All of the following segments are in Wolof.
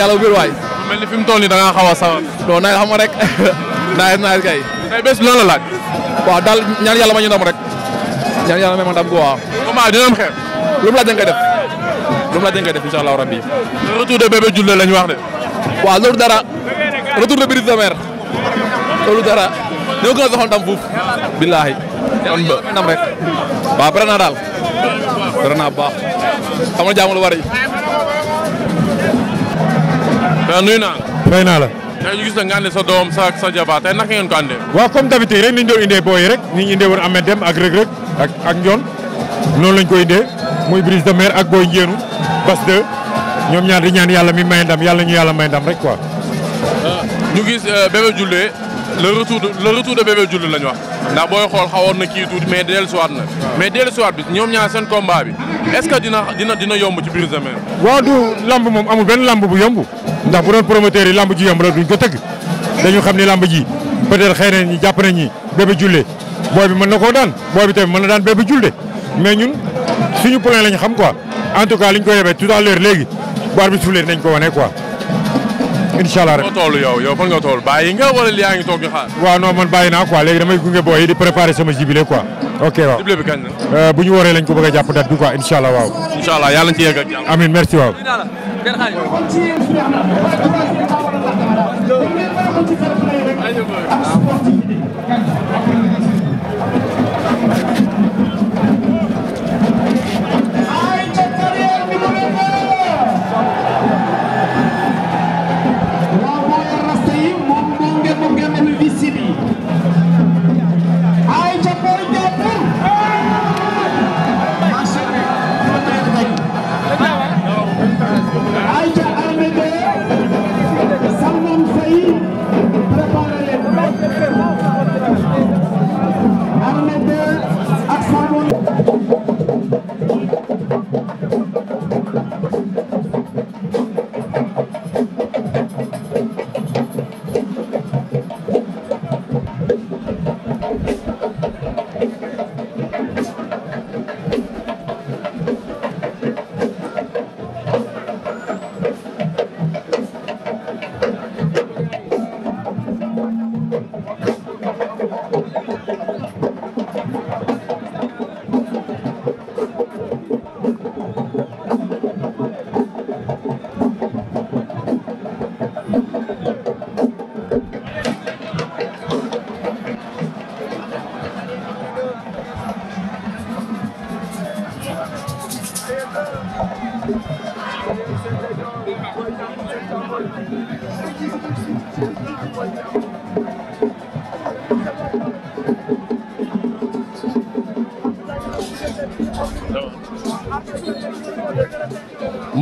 yàlla bu biir waay. mel ni fi mu toll nii da ngaa xaw a sawar. non naaj xam nga rek naaj naaj kay. tey bés bi lan la laaj. waaw daal ñaan yàlla ma ñu ndam rek. ñaan yàlla may ma ndam ko waaw. comment dina am xeex. lu mu laaj da nga koy def. lu mu laaj da nga koy def incha allah rabbi. retour de bébé Diouldé lañ wax de. waaw loolu dara. retour de Brise de Mer. loolu dara. ñoo gën a soxal ndam fuuf. billaahi. kon ba ndam rek. waaw pare naa daal. pare naa bu baax. xam nga jaamu lu bari. waaw nuyu naa la. fay naa la. tey ñu gis na nga ànd sa doom sa sa jabaar tey naka ngeen ko àndee. waaw comme d'habitude rek ni ñu doon indee booy rek ni ñu indee woon Ahmed Deme ak Reug Reug ak ak noonu lañ koy indee muy brise de mer ak booy Ndiénu Bas 2 ñoom ñaar di ñaan yàlla mi may ndam yàlla ñu yàlla may ndam rek quoi. Euh, ñu gis euh, Bébé Diouldé le retour de le retour de Bébé Diouldé lañ wax ndax booy xool xawoon na kii tuuti mais dellusiwaat na. mais dellusiwaat bi ñoom ñaar seen combat bi est que dina dina dina yomb ci brise de mer. lamb moom amul benn lamb bu yomb ndax bu doon promoteur i lamb ji yomb la duñ ko tëgg dañu xam ne lamba ji peut-être na ñi jàpp nañ ñi Bébé Diouldé booy bi mën na koo daan booy bi tamit mën na daan Bébé Diouldé mais ñun suñu plan lañ xam quoi en tout cas liñ ko yebee tout à l'heure léegi bu arbitre suulee nañ ko wane quoi incha allah rek. foo toll yow yow fan nga toll bàyyi nga wala ngi toog di xaar. waaw non man bàyyi naa quoi léegi damay gunge booy yi di préparer sama jubilé quoi. ok waaw euh, bu ñu wooree ko bëgg a jàpp date bi kenn xaaju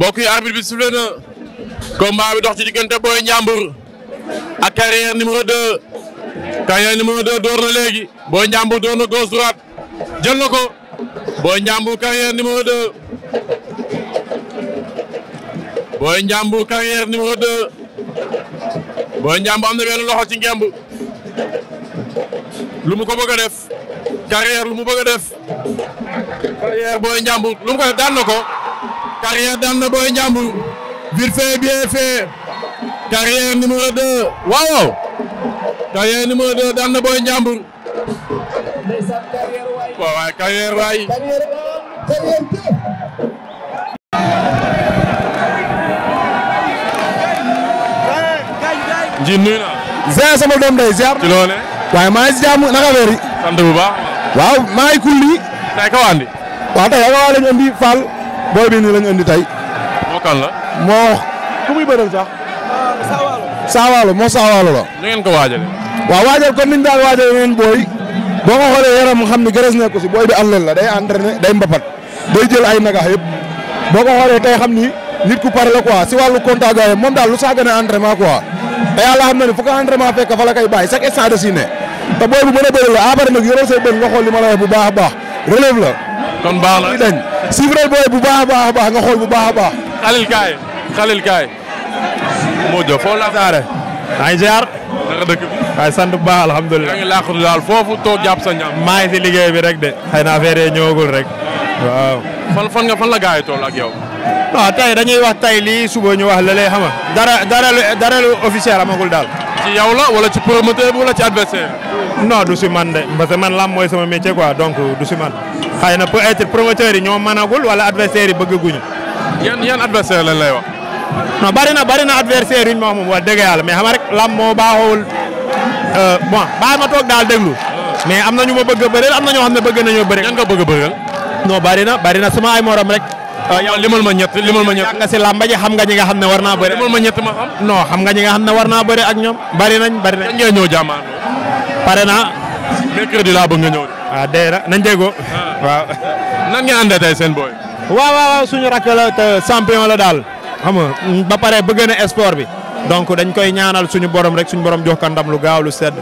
mbokk yi arbitre bi sifflé na combat bi ci diggante Boy Ndiambour ak carrière numéro 2 door na léegi Boy Ndiambour door na gauche droite jël na ko Boy Ndiambour carrière numéro 2 Boy Ndiambour carrière numéro 2 Boy am na benn loxo ci ngemb lu mu ko bëgg def carrière lu mu def carrière Boy Ndiambour lu def daan na carrière daan na Boy Ndiambour vite fait bien fait carrière numéro waaw carrière numéro 2 daan na Boy Ndiambour waaw waay carrière waay ji nuyu naa. Zia sama doom day ziar. ci waaye maa ngi si jàmm naka waaw maa ngi kulli. tey kawaandi. waaw tey kawaandi booy bi nii lañ indi tey. moo kan la. moo ku muy bëreel sax. saawaalo moo saawaalo la. ni ngeen ko waajalee. waaw waajal comme niñ daan waajal ngeen booy. boo ko xoolee yaram xam ni gërës nekku si booy bi àllel la day entraîné day mbapat day jël ay nagax yëpp boo ko xoolee tey xam ni nit ku pare la quoi si wàllu contact gars moom daal lu saagane entraînement quoi te yàlla xam na ni fu ko entraînement fekk fa la koy bàyyi chaque instant de si ne te booy bu mën a bëri la après nag yoroo say bën nga xool li bu baax a baax relève la. kon suivre booy bu baax a baax a baax bu baax a baax. xalil kaay xalil kaay. moo jëf foo la saare. maa ngi ziar. dëkk sant bu baax alhamdulilah. maa ngi laaxut daal foofu toog jàpp sa maa ngi si liggéey bi rek de. xëy na affaire yi ñëwagul rek. waaw. fan fan nga fan la gars yi toll ak yow. non tey dañuy wax tey lii suba ñu wax lalee xama dara dara lu dara lu officiel daal. ci yow la wala ci promoteur bi wala ci adversaire no du si man de parce que man lam mooy sama métier quoi donc du si man. xëy na peut être promoteur yi ñoo mënagul wala adversaire yi bëggaguñu. yan yan adversaire lañ lay wax. non bari na bari na adversaire yuñ ma wax moom wax dëgg yàlla mais xam rek lam moo baaxoowul euh, bon baal ma toog daal déglu. mais am na ñu ma bëgg a bëreel am na ñoo xam ne bëgg nañoo bëri. ñan nga bëgg a bëreel. non bari bari na sama ay morom rek. Ah, yow ma ñett limal ma ñett nga si làmba ji xam nga ñi nga xam ne war naa bëri. limal ma ñett ma xam. non xam nga ñi nga xam ne war naa bëri ak ñoom. bari nañ bari nañ. ngeen ñëw jàmm pare naa. mercredi laa bëgg ah Dera nañ déggoo. Ah. waaw nan ngeen àndee seen booy. waaw suñu rakk la te champion la daal xam nga mm, ba pare bëgg na bi donc dañ koy ñaanal suñu borom rek suñu borom jox lu gaaw lu sedd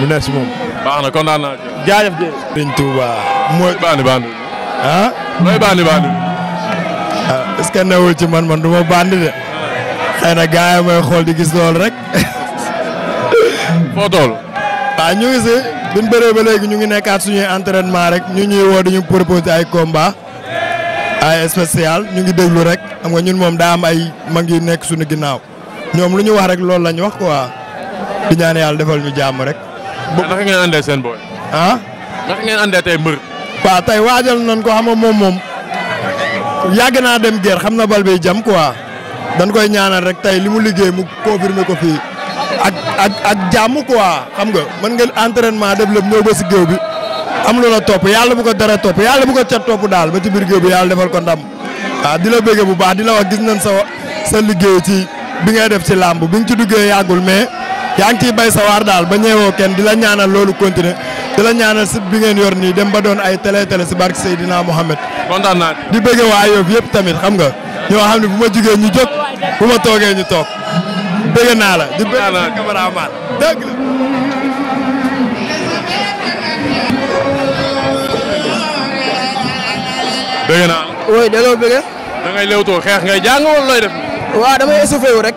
lu ne si moom. baax na kontaan naa jaajëf jërëjëf. sëñ Touba mooy. baandi baandi. ah. ah man man du ma baandi de. xëy na gars yi di gis loolu rek. foo toll. Ah, ñu ngi si. biñ bëree ba léegi ñu ngi nekkaat suñuy entraînement rek ñu ñuy woo dañu proposer ay komba ay spécial ñu ngi déglu rek xam nga ñun moom daa am ay mag yu nekk suñu ginnaaw ñoom lu ñu wax rek loolu lañu ñu wax quoi di ñaan yàlla defal ñu jàmm rek. boobu naka ngeen andee seen booy. ah. naka ngeen andee tey mbër. waaw tey waajal nañ ko xam moom moom yàgg naa dem guerre xam na bal bi jam quoi dañ koy ñaanal rek tey li mu liggéey mu confirmer ko fii ak ak jàmm quoi xam nga mën ngeen entraînement def lépp ñëw ba si géew bi am lu la topp yàlla bu ko dara topp yàlla bu ko cat topp daal ba ci biir géew bi yàlla defal ko ndam waaw ah, di la bëggee bu baax di la wax gis nañ sa sa liggéey ci bi nga def ci lamb bi nga ci duggee yàggul mais yaa ngi ciy bay sa waar daal ba ñeewoo kenn di la ñaanal loolu continuer di la ñaanal site bi ngeen yor nii dem ba doon ay télé télé si barke Seydina Mohamed. kontaan naa di bëggee waa Yoff yëpp tamit xam nga ñoo xam ne bu ma jugee ñu jóg bu ma ñu toog. bëgg naa la di bëgg naa cameraman dëgg la bëgg naa la wooy delloo bëgg da ngay lewtoo xeex ngay jàng wala looy def waaw damay échauffé wu rek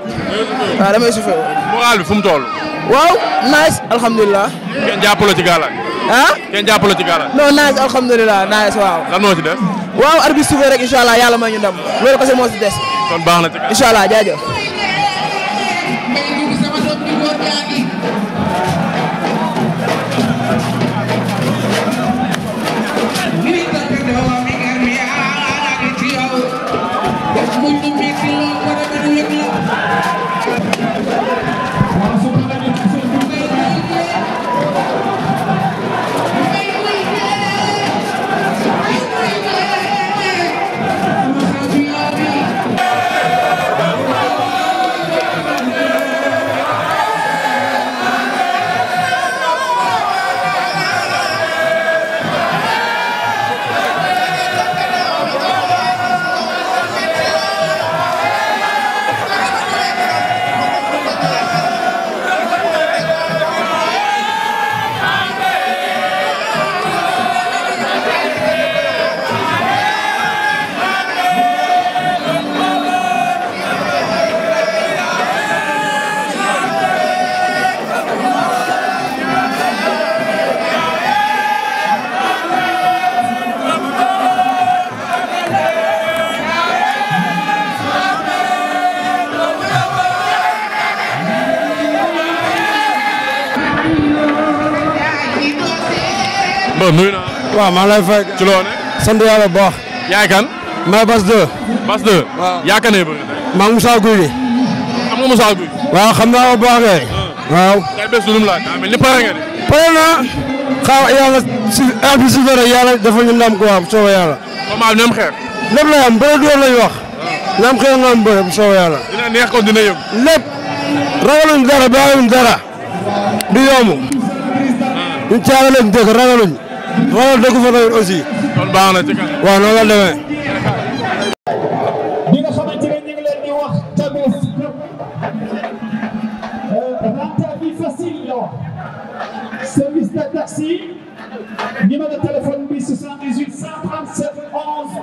waaw damay échauffé wu moral bi fu mu toll waaw nice alhamdulilah kenn jàppaloo ci gàllank ah kenn jàppaloo ci gàllank non nice alhamdulilah nice waaw lan moo ci des waaw arbitre soufflé rek incha allah yàlla may ñu ndam loolu kese moo ci des kon baax na ci gàllank incha allah jaajëf Mor nuyu naa. waaw maa ngi lay fay. ci loone sant yàlla bu baax. yaay kan. may Bas 2. Bas 2. waaw yaakaar nañu bëri. maa Moussa Guy bi. xam nga Moussa Guy. waaw xam naa bu baax kay. Ah. waaw. kay bés lu mu laaj. daa mel ni pare nga de. pare naa. xaw yàlla si aar bi si dara yàlla dafa ñu ndam ko am soobee wax. ñoom xeex nga am bëri bu soobee yàlla. Ah. ragaluñ dara bàyyiwuñ dara. du yomb. Ah. ñu caagaluñ dëgg ragaluñ. wala dëgg fa tamit aussi. kon baax na ci kanam. waaw noonu la demee. ñi nga xamante ne ñu ngi leen di wax tamit euh, renta bi facile la service de taxi numéro téléphone bi 78 137 11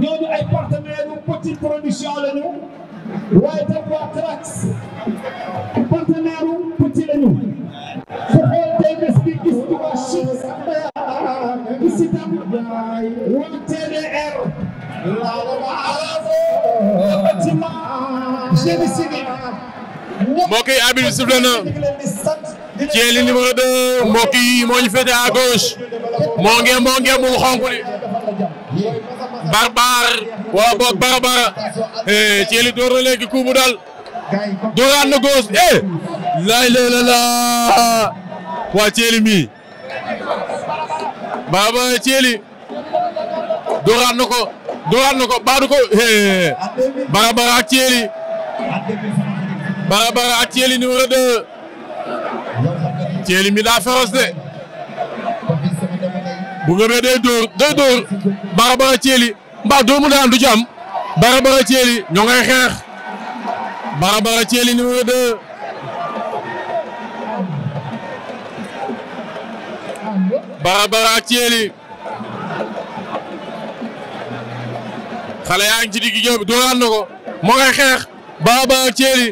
11 ñooñu ay partenaires yu petite production lañu waaye tam waa Trax partenaire eski gistuba ships isitam won TDR laalama alaafo watima jeni sini mbokk yi arbitre bi sifflé na Thiely numéro 2 mbokk yi moo ñu féete à gauche moo nge moo nge mu xonk li barbar wala boog barabara Thiely eh, door na léegi coup bu dal dooraat na gauche eh lay la la la waa Thiély mii Baba Thiély dooraat na ko dooraat na ko baadu ko Barabara ak Thiély Barabara ak Thiély numéro 2 Thiély mi daa dóor day dóor Barabara Thiély mbaa doomu daan du jam Barabara Thiély ñoo ngay xeex Barabara Thiély numéro barabara ak Thiély xale yaa moo ngay xeex barabara ak Thiély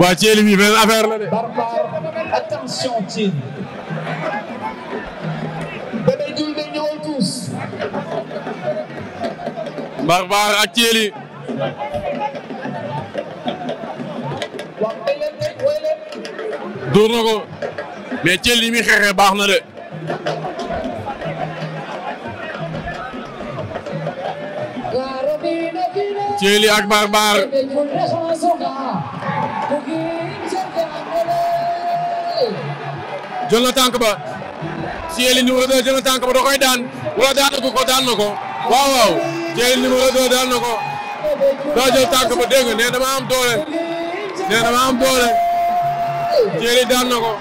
waa Thiély bi benn affaire la mais Thiel li muy xeexee baax na de. Thiel ak Barbar. jël na tànk ba. Thiel numéro 2 jël na tànk ba da daan wala daanagu ko daan na ko waaw waaw Thiel numéro daan na ko. daa jël tànk ba dégg nga nee dama am doole. nee dama daan na ko.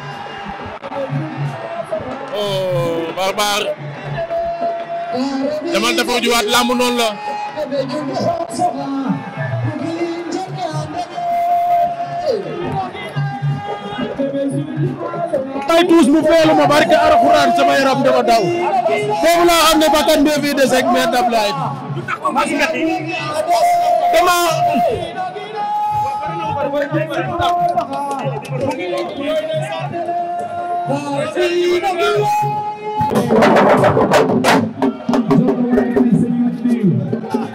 oh barbar dama defar juwaat mu feelu ma barke alxuraan sama yaram dama daw foofu laa xam ne bakkan bi fii des ak mais Thank you.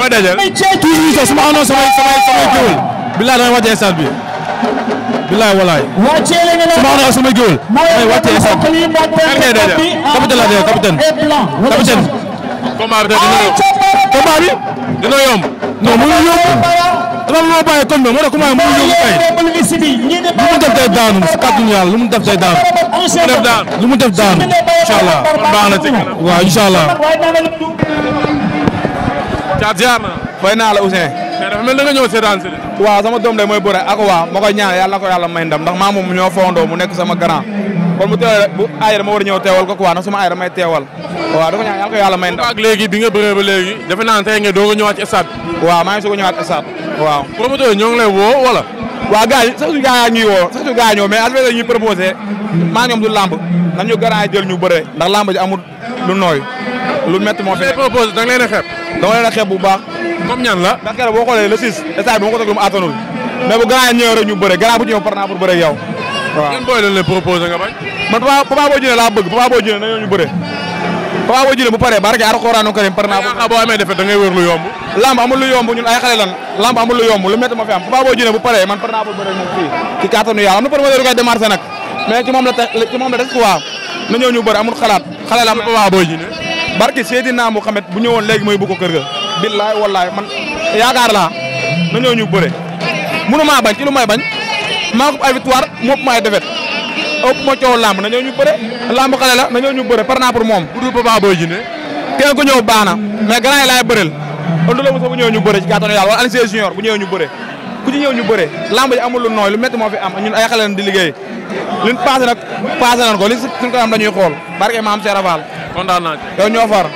foo dajal toujours sax su ma amoon samay samay samay géwël. bilaay damay wàccee stade bi bilaay walaay. su ma amoon samay géwël damay wàccee stade bi. kan ngay dajal capitaine laa dajal capitaine. capitaine. combat bi dina yomb. combat bi dina yomb. non mënuñu yomb. dama la ma bàyyi kon mais moo tax comment mënuñu yomb tey. lu mu def tey daanu si kàttanu yàlla lu mu def tey daanu. lu mu def daanu. lu mu def daanu. incha allah kon baax na ci. waaw incha allah. Thiat na naa. fay naa la Ousseyn. mais dafa mel da nga ñëw seetaan si waaw doom de mooy bëre ak waa ma koy ñaan yàlla na ko yàlla may ndam ndax maa moom ñoo fondoo mu nekk sama grand kon bu teewee bu aay dama war a ñëw teewal ko quoi na suma aay damay teewal waaw da ko ñaan ko yàlla may ndam. ak léegi bi nga bëree ba léegi defe naa tey nga doog a ñëwaat ci stade waaw maa ngi soog a ñëwaat stade waaw promoteur ñoo ngi lay woo wala waaw gars yi sax su gars yi ñuy woo sax su gars yi ñëw mais affaire yi ñuy proposé maa ñoom du lamb nañu garant jël ñu bëre ndax lamb ji amul lu nooy lu métti moo fi proposé da nga leen dama leen a xeeb bu baax. comme ñan la. ndax keroog boo xoolee le 6 état bi moo ko teg lu mu attanul mais bu grand ñëwee rek ñu bëre grand bu ñëw naa pour bëre man papa papa laa bëgg papa boo jëlee nañoo ñu bëre. papa boo jëlee bu paree barke alxuraanu naa. waaw boo amee defet da ngay wër lu yomb. lamb amul lu yomb ñun ay xale lamb amul lu yomb lu métti ma fi am papa boo bu paree man par naa pour bëre moom fii. ci kàttanu yàlla am na promoteur du barke Seydina Muhammad bu ñëwoon léegi mooy bu ko kër ga. billaay man yaakaar laa nañoo ñu bëre munu maa bañ ci lu may bañ maa ko ay victoire moom maay defet ëpp ma coow lamb nañoo ñu bëre lamb xale la nañoo ñu bëre par na pour moom. bu Papa Boy Djiné. kenn ku ñëw baax na mais gannaaw yi laay bëreel. ëllëg la bu soobee ñu bëre ci gàttanu wala Alioune Sèye junior bu bëre ku bëre lamb ji amul lu nooy lu métti moo fi am ñun ay di liggéey li ñu passé nag passé nañ ko li suñ ko am dañuy xool barke maam Cheikh Rafal. kontaan naa ci yow ñoo far.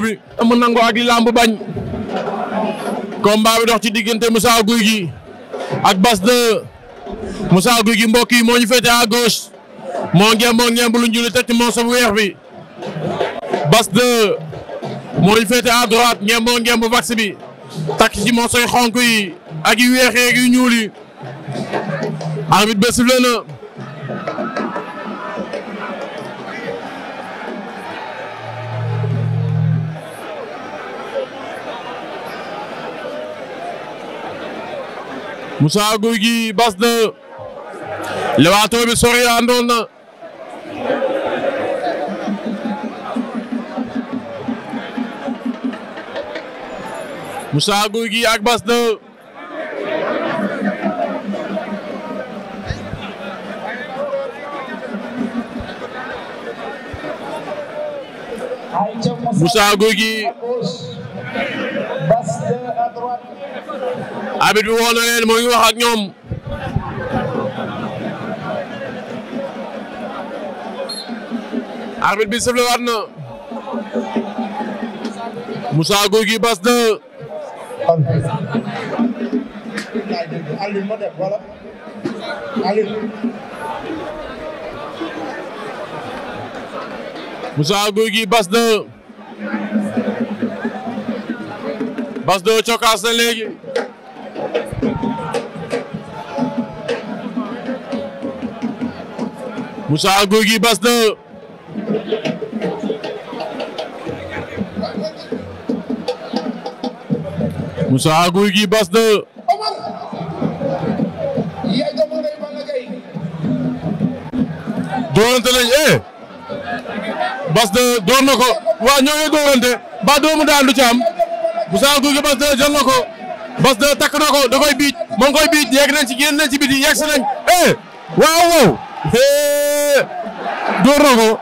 bëre bi mu nangoo ak li làmb bañ combat bi dox ci diggante Moussa Gouye Gui ak Bass 2 Moussa Gouye Gui mbokk yi moo ñu féete à gauche moo ngeem moo ngeem bu lu njuli teg ci bu weex bi Bass 2 moo ñu féete à droite ngeem moo ngeem bu vax bi takk ci morso yu xonk yi ak yu weex yeeg yu yi arbitre ba sifflé Moussa Gouye Gui bas na lewaatoo bi sori àndoon na Moussa Gouye Gui ak bas na Moussa Gouye Gui abit bi woo na leen moo ngi wax ak ñoom arbitre bi sëfle waat na Moussa Gouye Gui Bass 2 Moussa Gouye Gui Bass 2 Bass 2 cokaas na léegi Moussa Gouye Gui bas na Moussa Gouye Gui bas na doorante lañ eh bas na door na ko waa ñoo ngi doorante ba doomu daal du ci am Moussa Gouye Gui bas na jël na ko bas na takk na ko da koy biij moo ngi koy biij nañ ci génn nañ ci biti yegg si nañ eh waaw waaw. Eh. door na ko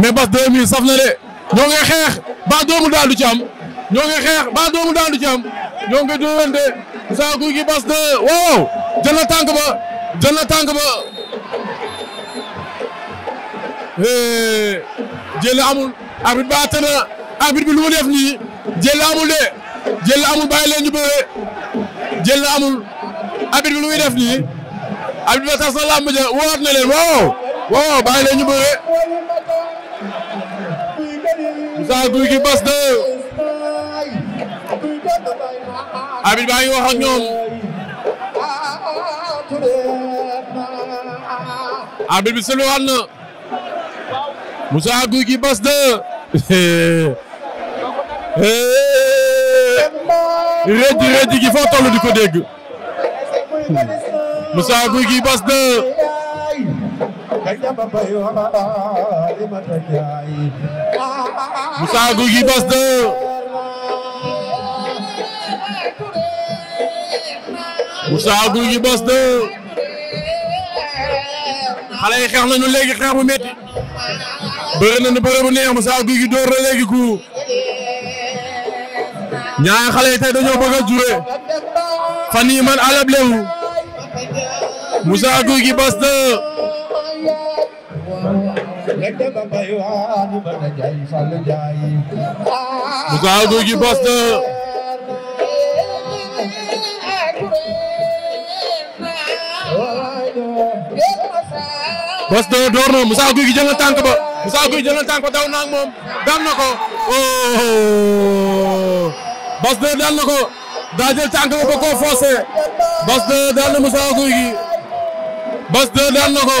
mais bas 2000 saf na de ñoo ngi xeex ba doomu daal du ci am ñoo ngi xeex ba doomu daal du ci am ñoo ngi doonante Moussa Gouye Gui bas de waaw jël na tànk ba jël na tànk ba eh, jël amul arbitre ba àtte na arbitre bi lu mu def nii jël amul de jël amul bàyyi leen ñu bëre jël amul arbitre bi lu muy def nii arbitre ba tas na làmb ja woowaat na leen waaw waaw bàyyi la ñu bëre Moussa Gouye Gui Bass 2 abit baa ngi wax ak ñoom abit bi sëluwaat na Moussa Gouye Gui Bass 2 rëdd rëdd gi foo toll di ko dégg Moussa Gouye Gui Bass Dajaba bayo alima tajay Moussa Gouye Gui Bass xale xeex nañu léegi xeex bu métti bëri nañu bëri bu neex Moussa Gouye Gui door na léegi ku ñaari xale yi tey dañoo bëgg a fan yii man alab lewu Moussa Gouye Gui dema bay bas na bas na door na Moussa ba daw na moom daan ko bas oh. na daan ko daa jël tànk ba ba koo forcé bas na daan na Moussa bas na daan ko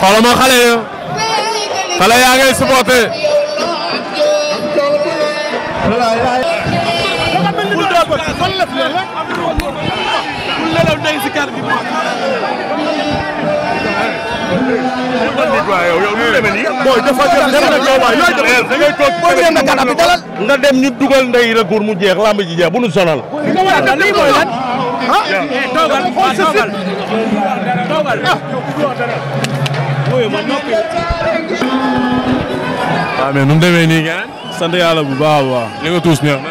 xoolal ma xale ya xale yaa ngay supporté. mooy dafa jël def na yow waay yooyu da ngay toog boo ñëwee nag gànnaaw bi dalal. nga dem ñu dugal ndey recours mu jeex lamb ji jeex bu nu sonal. li nga war a def lii mooy lan. ah toogal toogal wuyu ma noppi. waaw mais demee nii ngeen. sant yàlla bu baax a baax. li nga tuus neex na.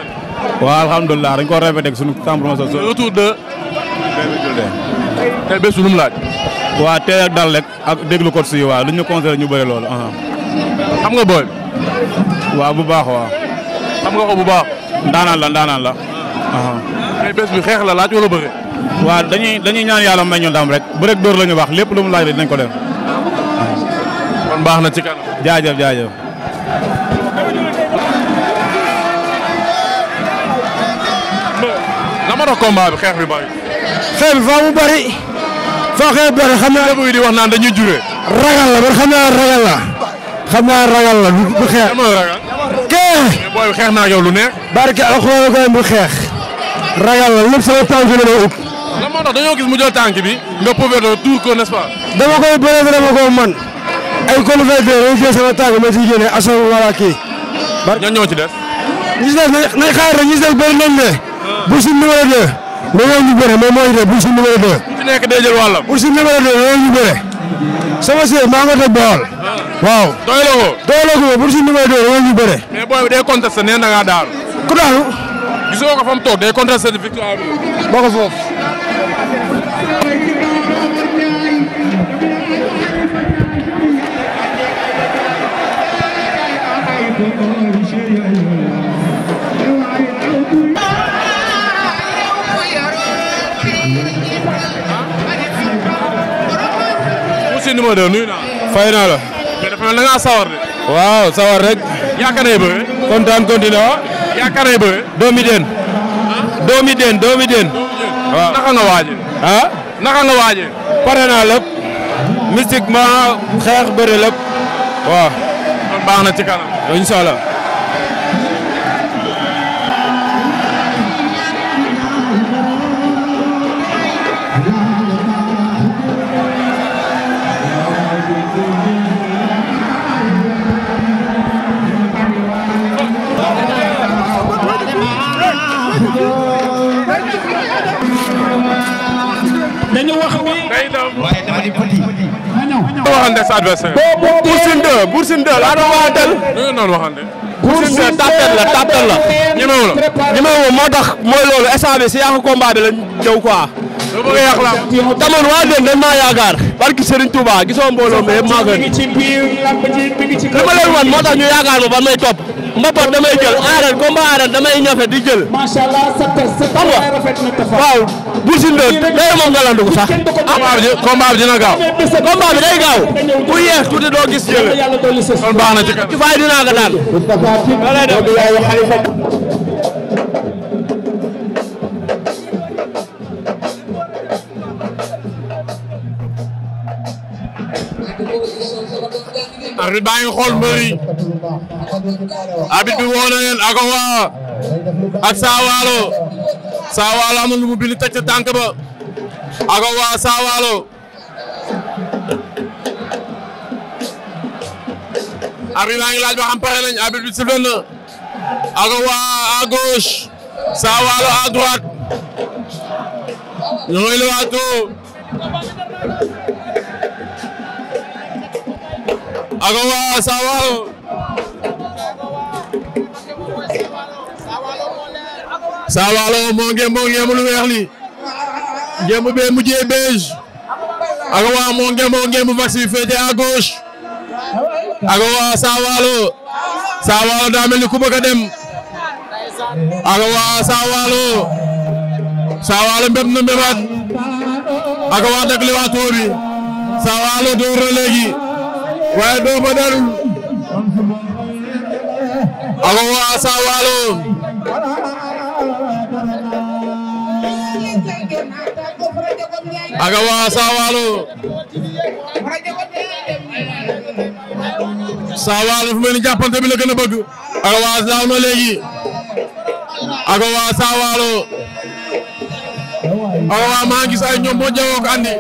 waaw alhamdulilah dañ ko sunu temperance ak. le retour de. Bébé Diouldé. tey bés lu mu laaj. waa tey ak dal rek ak déglu code si waa lu ñu ñu bëri loolu. Uh-huh. xam nga booy. waaw bu baax waaw. xam nga ko bu baax. ndaanaan la ndaanaan la. Uh-huh. tey bés bi xeex la laaj wala bëgg. waa dañuy dañuy ñaan yàlla may ñu rek bu rek dóor la ñu wax lépp lu mu laaj rek dinañ ko def. kon baax na ci kanam. jaajëf jaajëf. na ma doon combat bi xeex bi bari. xeex bi faa mu bari. faa xeex bari xam naa. lébu yi di wax naan dañuy juree. ragal la man xam naa ragal la. xam naa ragal la du xeex. dama ragal. kee. booy xeex naa yow lu neex. barke alxuraan koy bu xeex. ragal la lépp sama tànk la ma ut. lan moo tax dañoo gis mu jël tànk bi. nga prouvé de tout ko n'est-ce pas. dama koy bëree dama ko man ay kolu fay de dañuy jël sama tànk ma ciy génne asoom wala kii. ñoo ci des. ñi ci des nañ ñu bëre moom ñu def bu suñ bu suñ numéro 2 dañoo ñu maa nga def bool. waaw doyuloo ko. ñu bëre. mais booy bi day nee na daal. ku daanu. gisoo ko fa mu toog day contesté victoire bi. boo ko numéro 2 nuyu naa la. fay naa la. mais dafa waaw sawar rek. yaakaar naa yëpp doomi den. Ah? doomi den doomi den. waaw naka nga waajee. ah pare naa lépp. mystiquement xeex bëri lépp. waaw. kon na ci kanam. incha ma waxante sa adversaire. Bour Sine 2 Bour Sine 2 laa doon waxanteel. da ngeen doon waxante. Bour Sine 2 tapet la tapet la. ñemewu la ñemewu moo tax mooy loolu instant bi si yàqu combat bi la ñëw quoi. da bëgg a yàq la am. tamoon waa Dóor dañ maa yaakaar. barki Serigne Touba gisoo mbooloo mi yëpp maa gën. li ma leen wan moo tax ñu yaakaar ma ba may topp. mbapat damay jël aareel combat aareel damay ñafe di jël. macha allah sa xam nga waaw. Bou Sine ko sax. combat gaaw. combat bi day gaaw ku yeex tuuti doo gis jële. kon baax na ci kat ci fay dinaa ko daal. arbit baa ngi xool mbër bi woo na leen waa ak saa saawaalo am na lu mu bind tëj ba aga waa saawaalo arbitre ngi laaj ba xam pare nañ arbitre bi sifflé aga waa à gauche saawaalo à droite ñu ngi aga waa saawaalo Saa Waalo moo ngi moo ngi lu bee mujjee beige ak waa moo ngi moo ngi vax bi féete à gauche ak waa Saa Waalo Saa Waalo daa mel ni a dem ak waa Saa Waalo Saa Waalo mbéb na mbébaat ak waa dëkk li dóor na léegi waaye doo ba dalul ak waa Saa aga waa Saawaalo Saawaalo fu mel ni jàppante bi la gën bëgg aga waa daaw na léegi aga waa Saawaalo aga waa maa ngi gis ñoom boo jawoo ko andi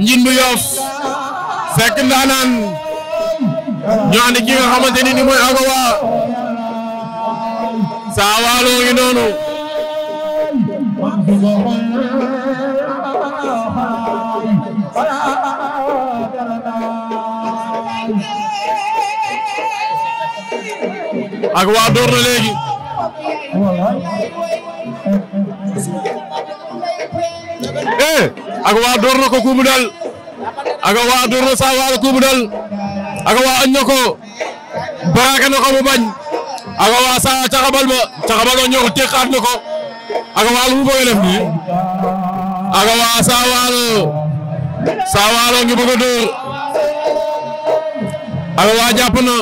njin bu Yoff fekk ndaanaan ñu andi ki ni ni mooy aga waa Saawaalo ngi noonu ak waa door na léegi eh waa door na ko kuubu waa door saa waala kuubu dal ak waa añ ko baraake na ko bañ ak waa saa caxabal ba ba ñoo ko teqaat ko ak waa lu mu bëgg a def nii ak waa saa waalo saa waalo ngi bëgg a door waa jàpp na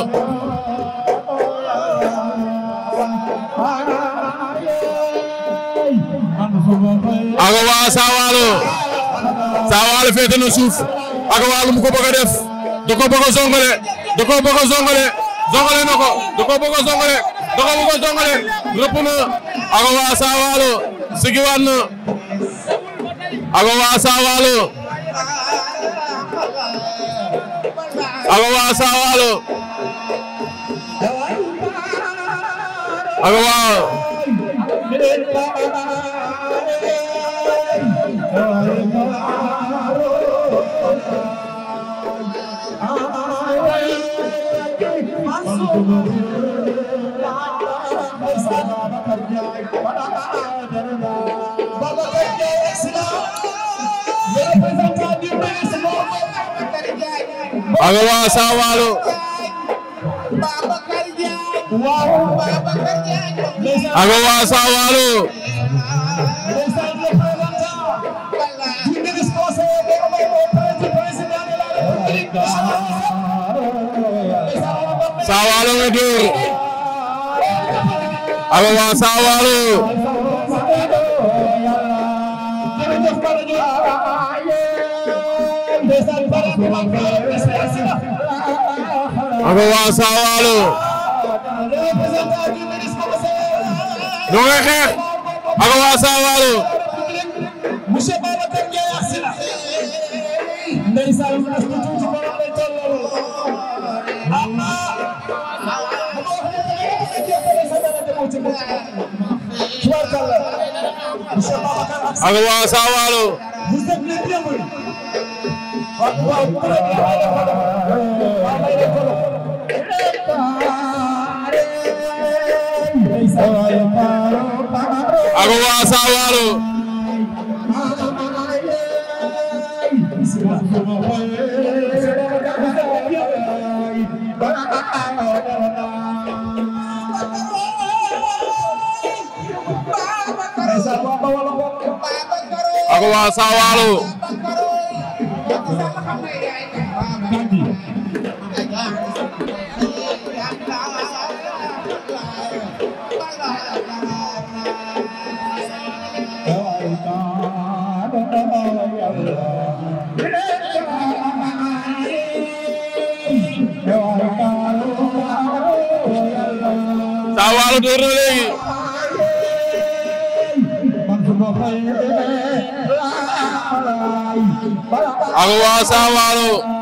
ak waa Saa Waalo Saa Waalo féete na suuf ak waa lu mu def da ko bëgg a zongale da ko na ko da ko bëgg a na ak waa Saa Waalo sigiwaat waa Saa Waalo ak waa Saa Waalo aga waa Sa Waalo aga waa Sa Waalo Saa Waalo nga dóor Awa Saa Waalo Awa xeex Awa Saa ak waa Saa Waalo ak waa Saa Waalo ko waa Saa Waalo Saa Waalo door na léegi ak waa Saawaalo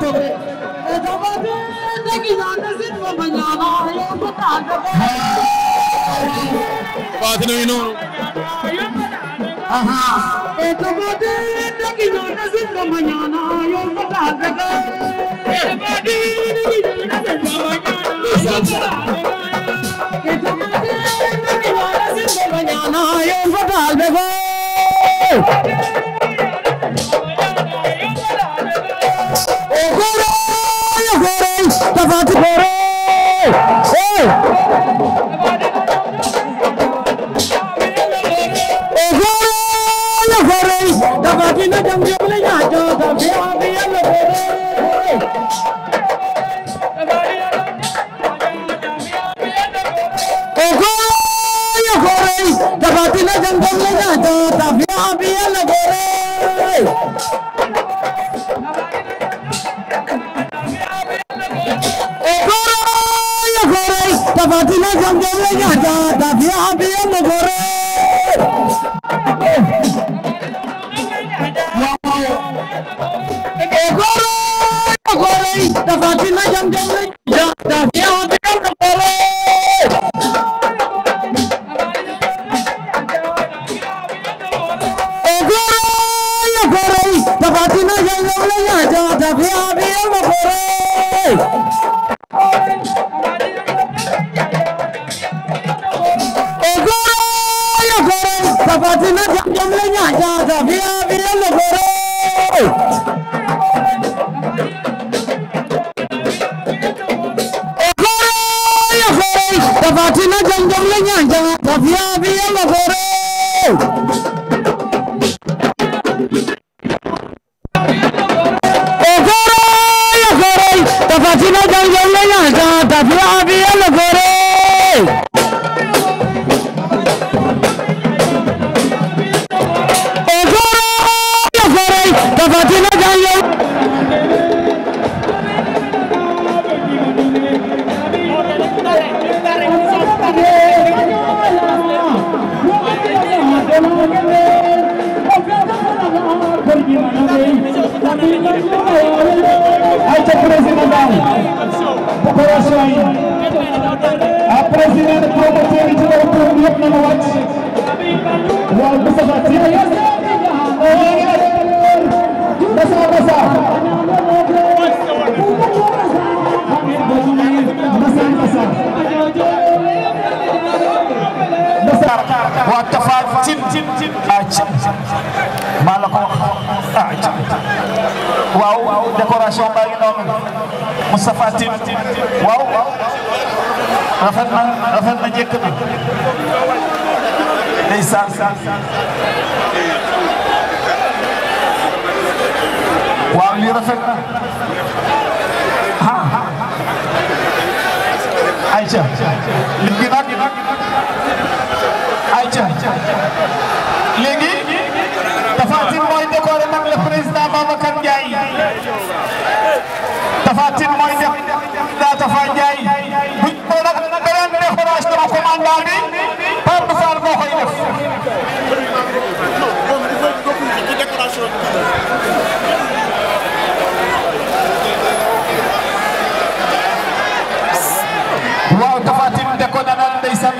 tobe e da ba na na sin ma ma na na ba ba ti no no aha e da ba be na na ma ma na ba ma ma na na ba e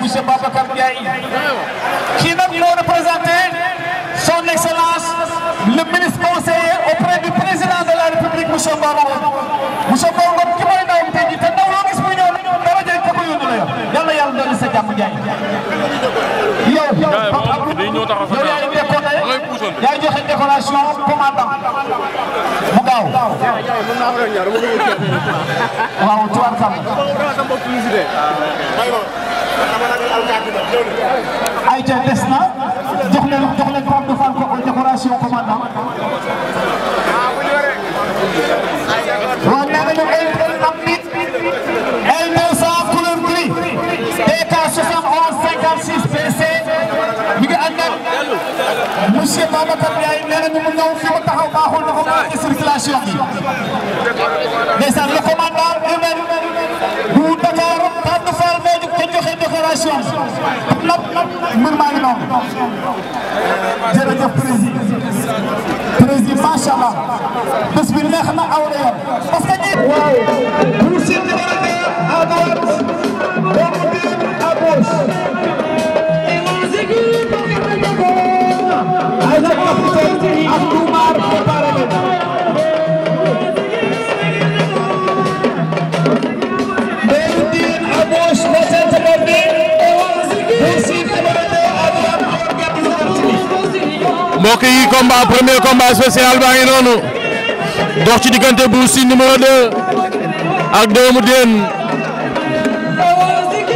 monsieur Babacar Ndiaye qui nag moo représenté son excellence le ministre conseiller auprès du président de la république monsieur Mbaba Ngom monsieur Mbaba Ngom ki mooy ndawam tey jii te ndaw loo gis muy ñëw dara jël ko ko yónni la yor yàlla yàlla dolli sa jàmm Ndiaye. yow yow yow yaa ngi décoté yaa ngi joxe décoration commandant mu gaaw. waaw tuwaat kàlla. ayca des na jox leen jox leen Pape Abdou Fall ko décoration commandant. waaw nee nañu L2 L200 couleur gris DK 71 56 PC mi ngi ànd ak monsieur Babacar Ndiaye nee nañu mu ñëw fi mu taxaw baaxul na ko baaxee circulation bi. ndeysaan le commandant humain bu Dakar. déclaration lop man maa ngi noonu jërëjëf président président macha allah bés bi neex na aw na yoon parce que ñi waaw pour si numéro à droite doomu biir à gauche et on sécurité pour que mbokk yi combat premier combat spécial baa ngi noonu dox ci diggante Bour Sine numéro 2 ak doomu Deen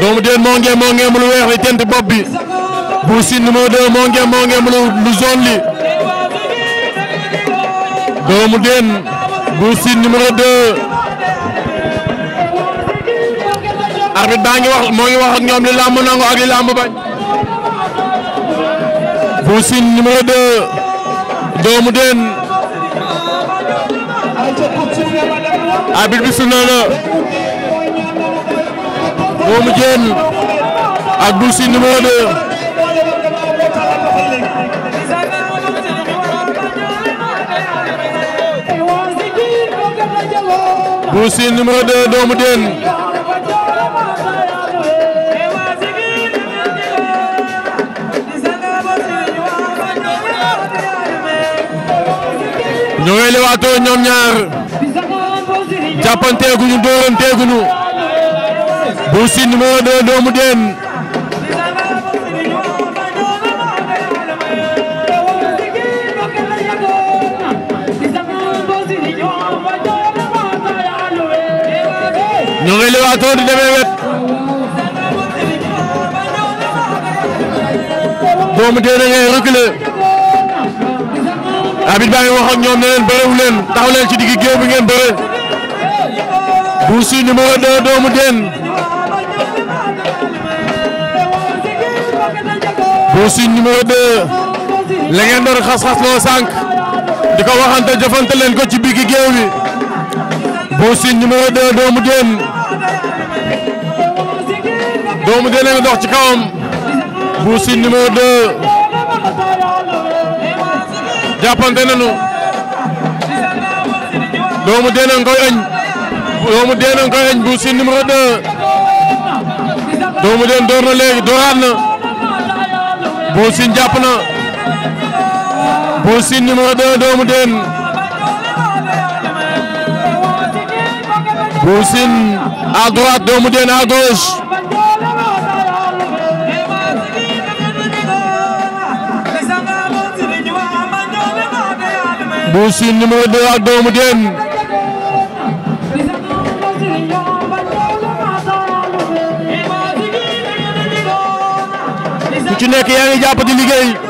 doomu Deen lu weex li tent bopp bi Bour Sine numéro 2 moo ngeem moo ngeem lu lu li doomu Deen Bour Sine numéro 2. baa ngi wax moo ngi wax ak li làmb nangu ak li làmb bañ. Bou Sine numéro 2 Domou Dene arbitre bi na Domou Dene ak Bou Sine numéro 2 Bou Sine numéro ñoo ngi ñoom ñaar jàppanteeguñu dóoranteeguñu Bour Sine numéro 2 Domou Dene ñoo ngi lewaatoo di demee wet Domou Dene ngay reculer abit baa ngi wax ak ñoom ne leen bërewu ci digg géew bi ngeen bëre Boury Seye numéro 2 doomu den Boury Seye numéro 2 ngeen doon xas-xas loo sànq di ko waxante jëfante leen ko ci biir géew bi Boury Seye numéro doomu den doomu den la ci kawam Boury Seye numéro jàppante nañu doomu dee nañ koy doomu dee nañ koy añ bu si numéro 2 doomu léegi dooraat na bu jàpp na bu si numéro doomu deen bu si doomu deen à Bou Sine numéro 2 ak doomu den ci nekk yaa ngi jàpp di liggéey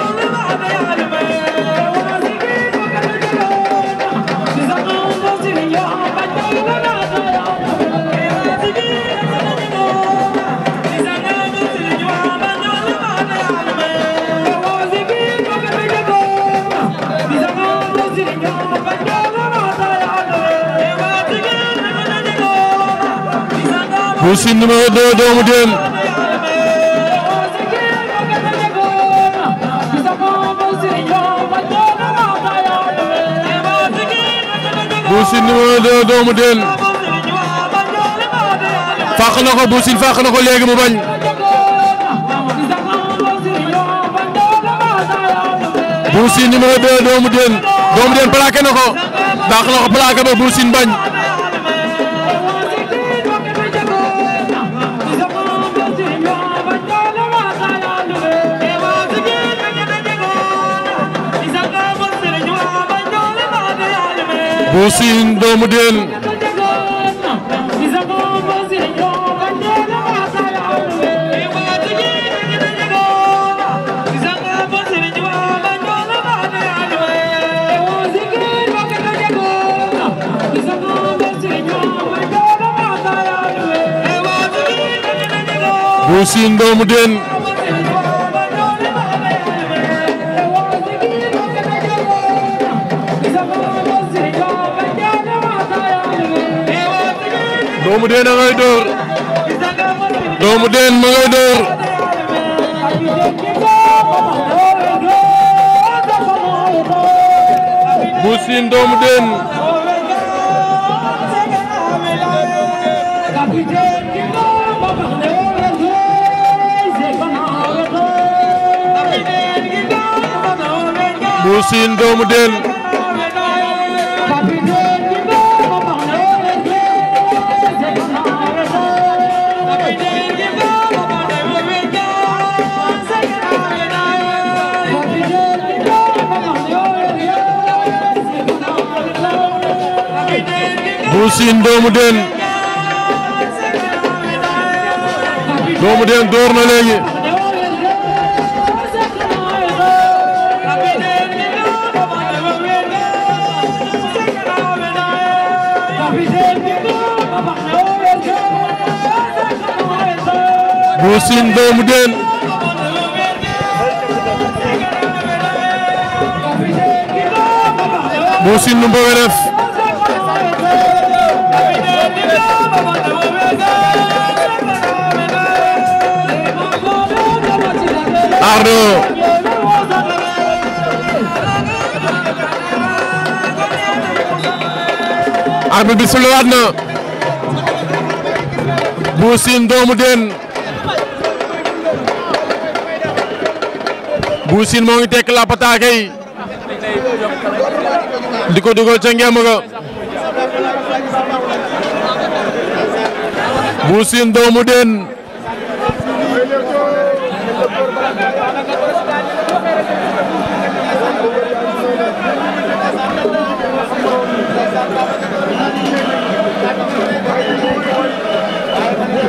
Bour Sine numéro 2 Deen Bour ko Bour Sine ko léegi mu bañ Bour Sine numéro 2 Deen Domou Deen plaqué ko dàq ko plaqué ba Bour bañ Bur Sine doomu Déel Bur Sine doomu Déel doomu deen a ngay dóor doomu deen ma deen Bur Sine doomu deen doomu deen door na léegi Bur Sine doomu deen Bur Sine nu mu noonu arbitre bi sulawaat na Bur doomu den Bur moo ngi tekk lapataake di ko dugal ca ngemb ga Bur doomu den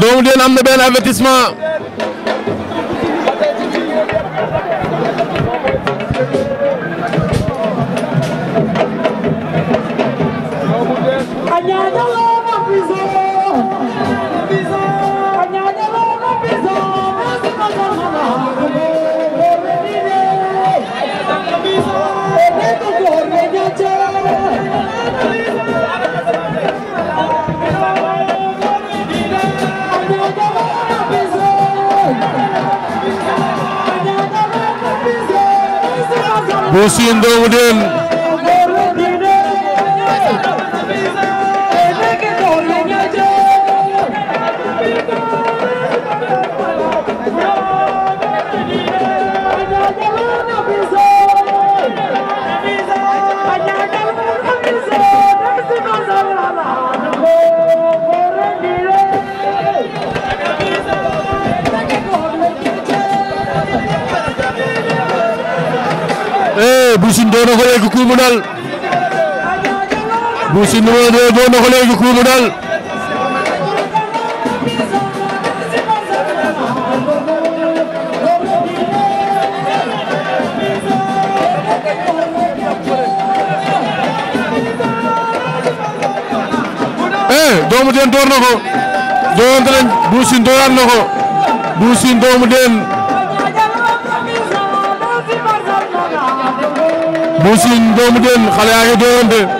Domou Diene am na benn avertissement Bou Sine Domou Déne Bou Sine doon na ko léegi kuumu dal Bou Sine numéro 2 doon na ko léegi kuumu dal eh, doomu den door na ko doonante leen Bou Sine dooraat na ko Bou Sine doomu den Bou Sine Domou Déne xale yaa ngi doonante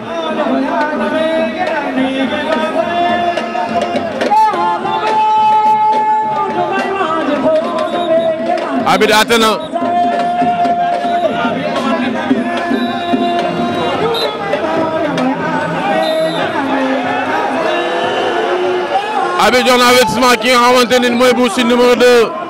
arbitre àtte na arbitre jox na avertissement ki nga xamante ni mooy Bou Sine numéro 2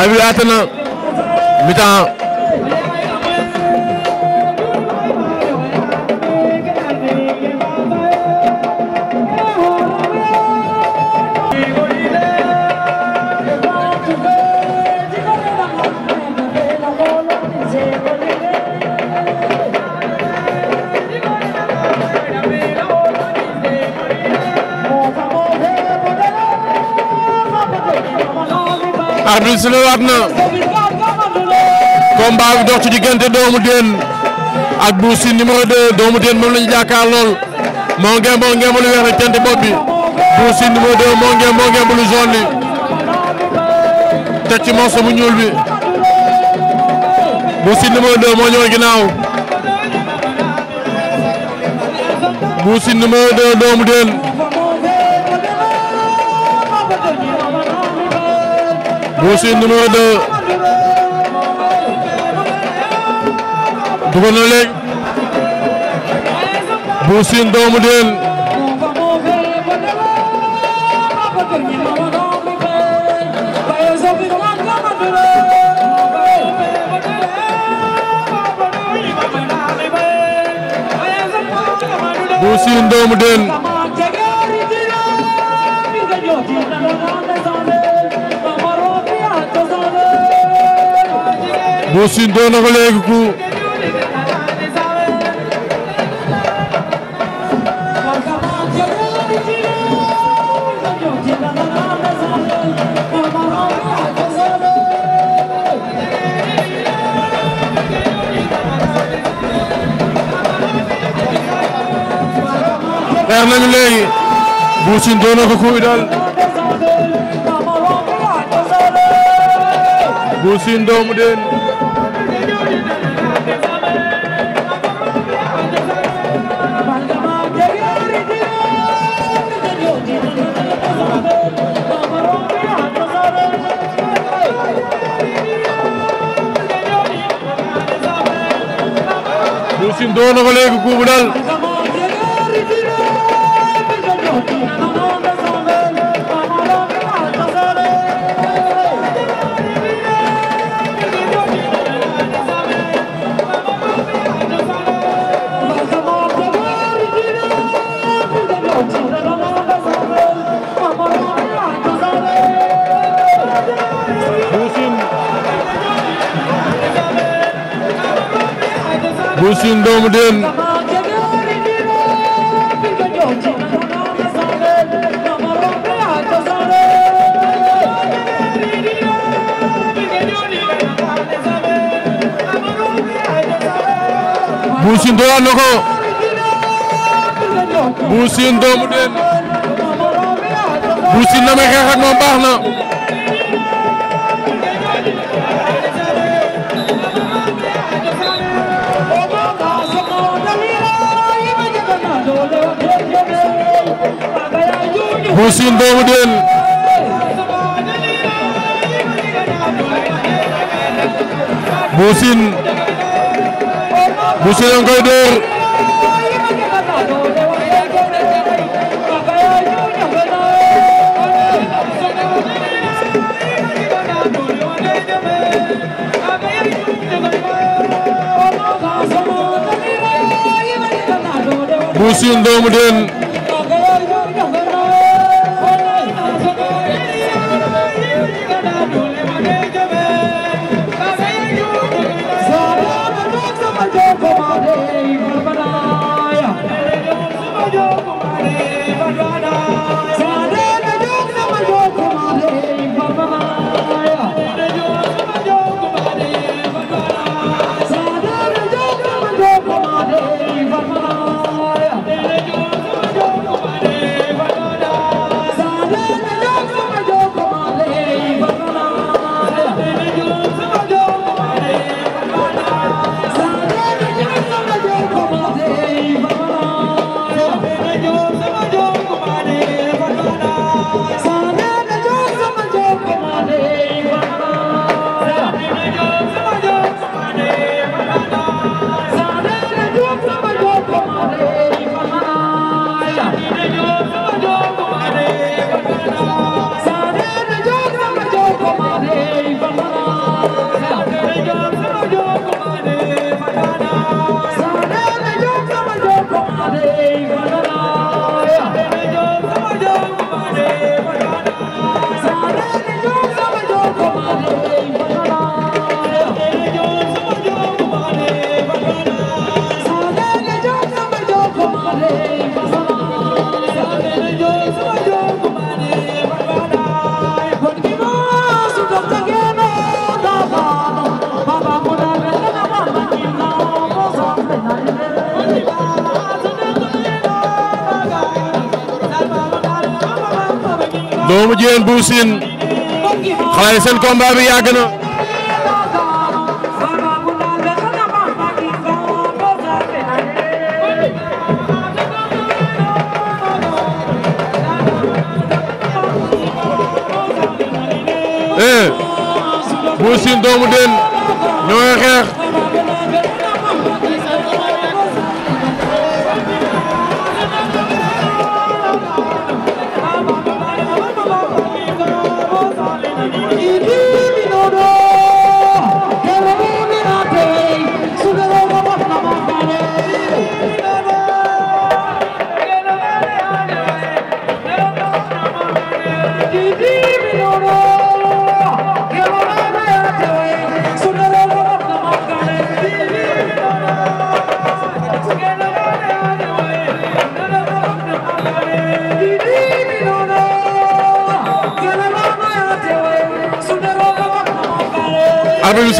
abi atana mi-temps si lewaat na combat bi dox ci diggante doomu déen ak Bou Sine numéro 2 doomu déen moom la ñu lool moo ngeen moo ngeen lu weex rek tente bopp bi Bou Sine moo ngeen moo ngeen lu jaune li ci morceau bu ñuul bi Bou Sine numéro 2 moo ñëw ginnaaw Bou Sine numéro doomu déen Moussi numéro 2 dugal na léegi Bur Sine doomu doomu Déel Bou Sine doo na ko léegi ku xeex nañu léegi Bou Sine doo na ko kuy dal Bou Sine doomu den Sine doon na ko léegi kuubu dal Bour Sine doomu Déne Bour Sine doon na ko Bour Sine doomu Déne Bour Sine na may xeex ak moom baax na Bou Sine doomu Dél Bou Sine Bou Sine a doomu jigéen bu siin xale yi seen combat bi yàgg na eh, Buur Siin doomu den ñoo xeex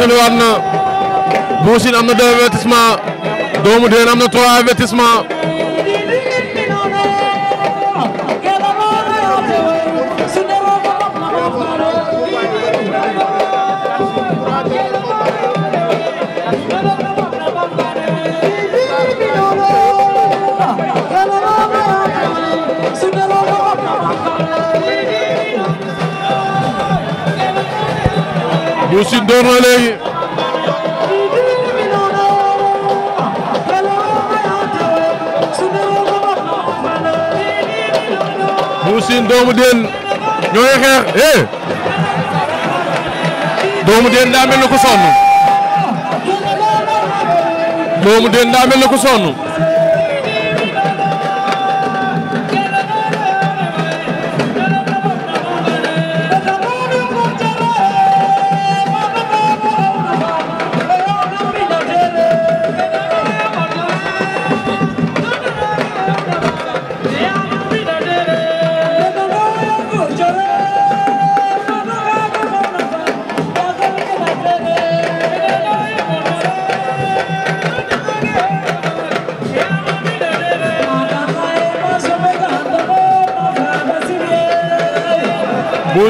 enchaîné waat na Boursine am na deux avertissement Doomu Deen am na trois avertissement Youssine door na léegi Youssine doomu den ñooy xeex eh doomu den daa mel ni ku sonn doomu den daa mel ni ku sonn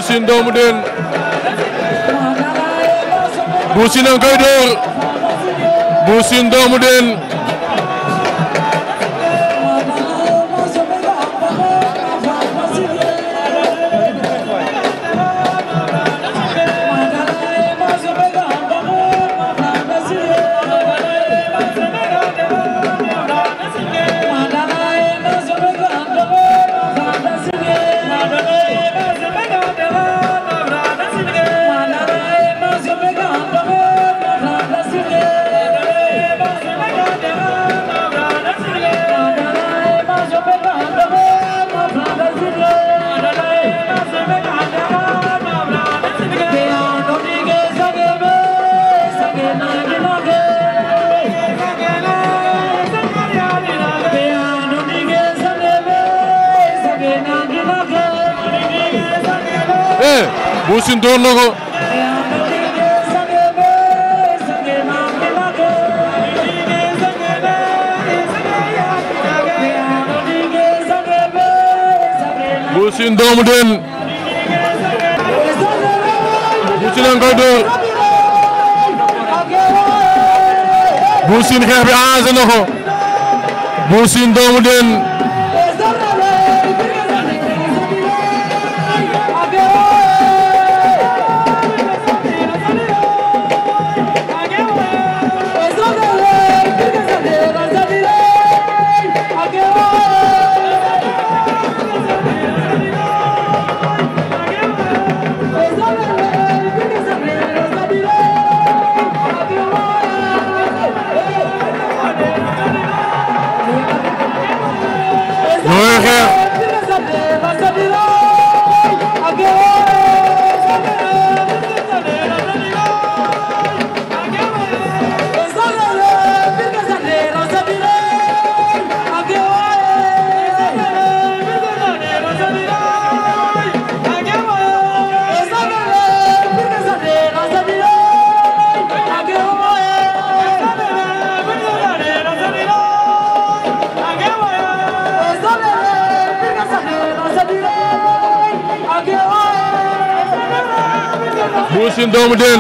Bou Sine doomu deen Bou Sine a ngi koy dóor Bou Sine doomu deen door na doomu den Bou Sine nga door Bou Sine xeex bi arrangé na ko Bou doomu den Bur Sine doomu Déen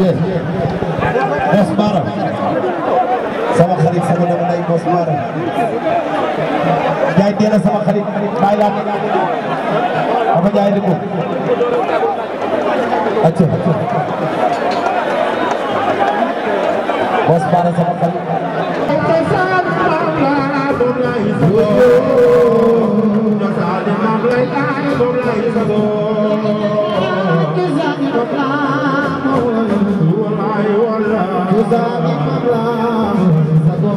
Yes, yes. Yes, Mara. xarit sama dama day boos maara jaay teel a sama xarit bàyyi laa ko ba fa jaay di ko acca boos maara sama xarit Thank you.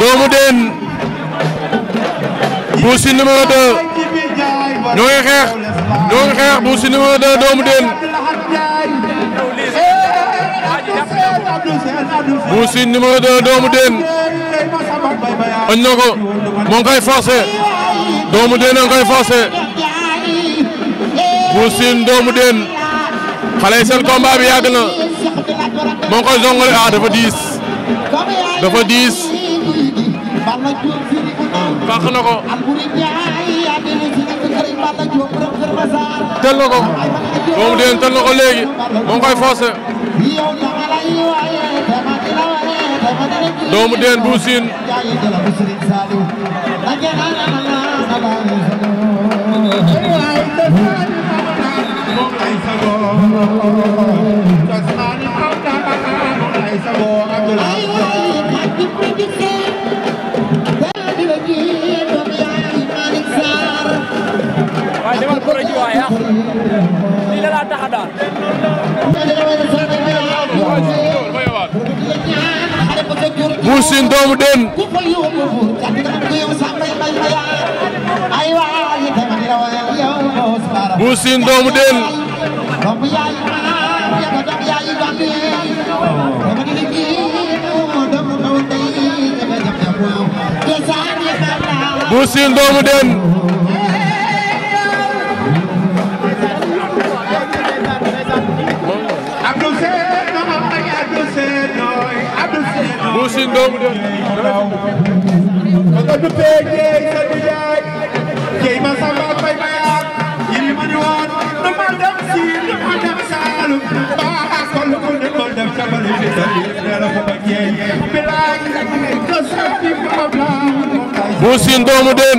doomu den Bou Sine numéro 2 ñoo ngi xeex ñoo ngi xeex Bou Sine numéro 2 doomu den Bou Sine numéro 2 doomu den añ na ko moo ngi koy forcé doomu den a ngi koy forcé doomu den xale yi seen combat bi yàgg na moo ngi koy zongale ah, dafa diis dafa diis fàq na tel na doomu den tel na ko léegi moo ngi doomu deen bu siin waaye demal ko rek waaye ah lii la laa tax a daal Buur Siin doomu den Buur Siin doomu den Buur Siin doomu den doomu doon ba du siin nu dem saalum baa ak kon yi ne siin doomu den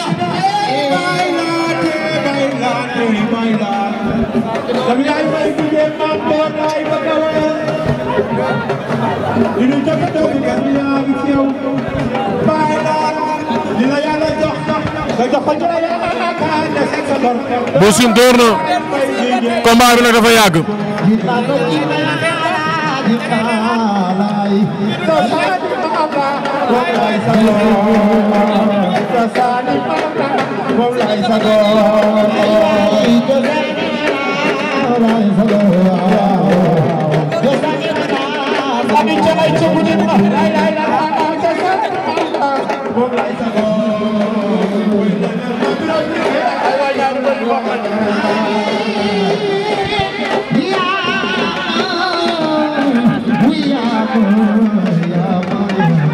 may la dami ay fay ku de mam boor ay ba kawaya li ñu jot a dégg gan yaa ngi ci yow may la ka dafa yàgg moom lay sagoon sa saani moom lay sagoon moom lay sagoon moom lay sagoon Yeah, yeah, yeah.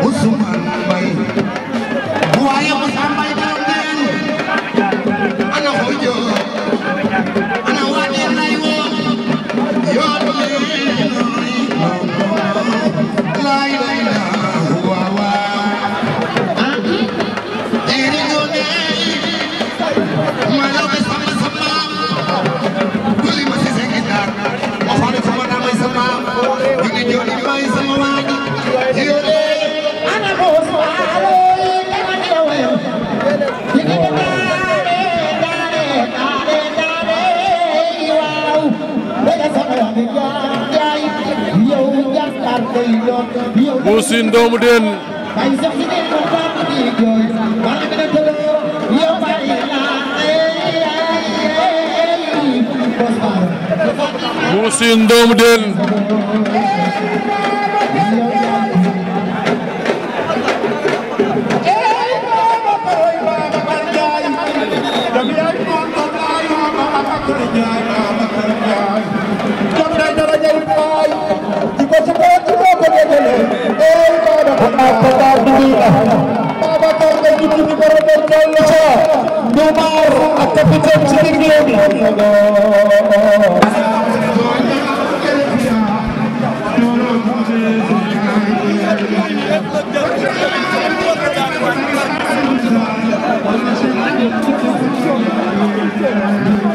Usman Bay Bur Sine doomu den Bur Sine doomu bu tëb ci liggéey bi Thank you.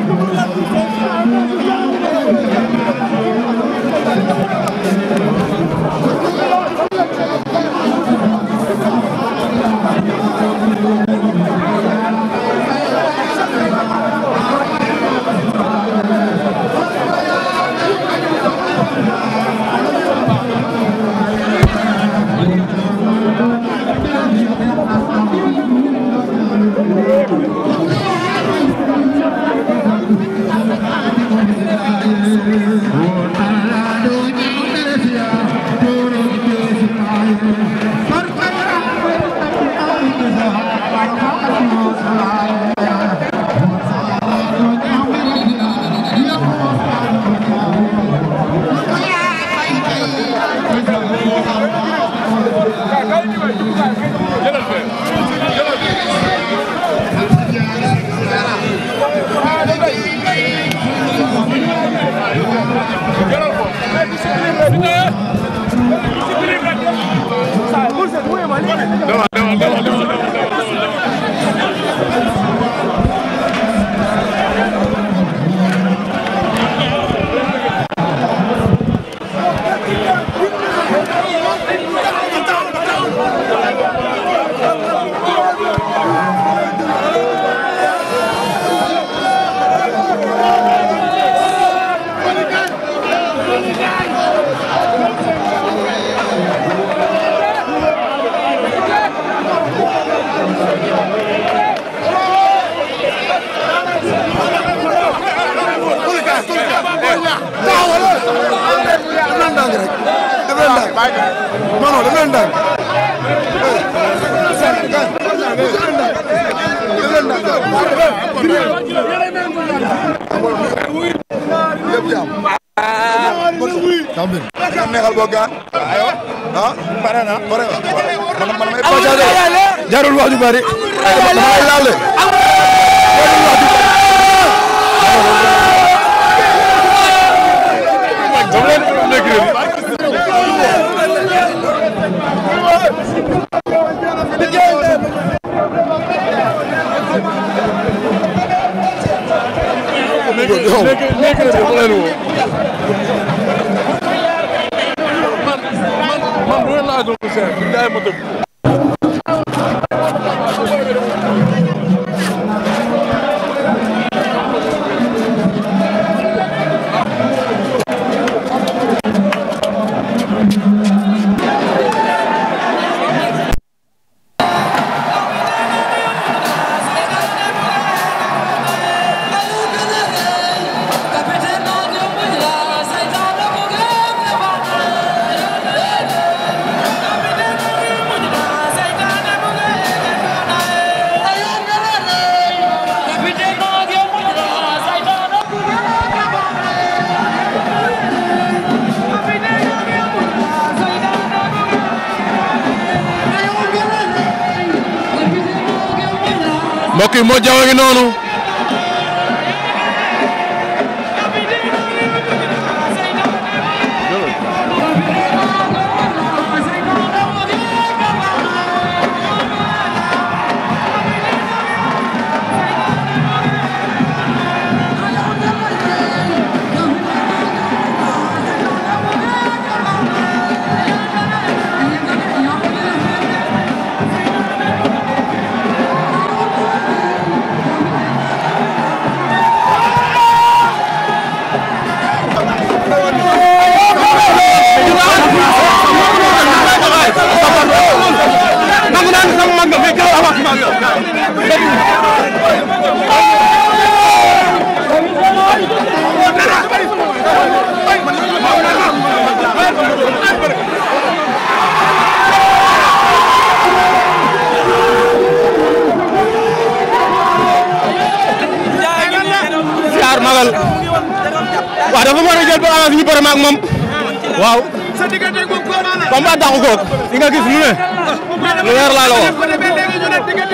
moo ak moom waaw. sa diggante ak moom combat la. combat dàqu ko li nga gis lu ne. lu weer laa la wax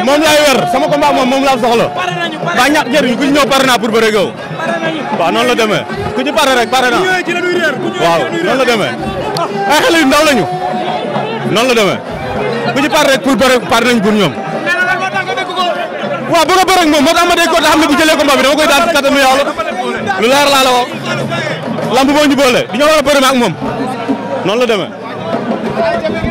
moom laay weer sama combat moom moom laa soxla. ba ñàkk njëriñ ku ci ñëw pare naa pour bëre gaw. waaw noonu la demee ku pare rek pare naa waaw noonu la demee. ay xale yu ndaw lañu noonu la demee pare rek pour bëre pare nañ pour ñoom. waaw bëgg a bëre moom moo tax ma dégg ko te xam ne bu jëlee combat bi dama koy lu leer laa lamb moo boole di nga war a bëri ak moom noonu la deme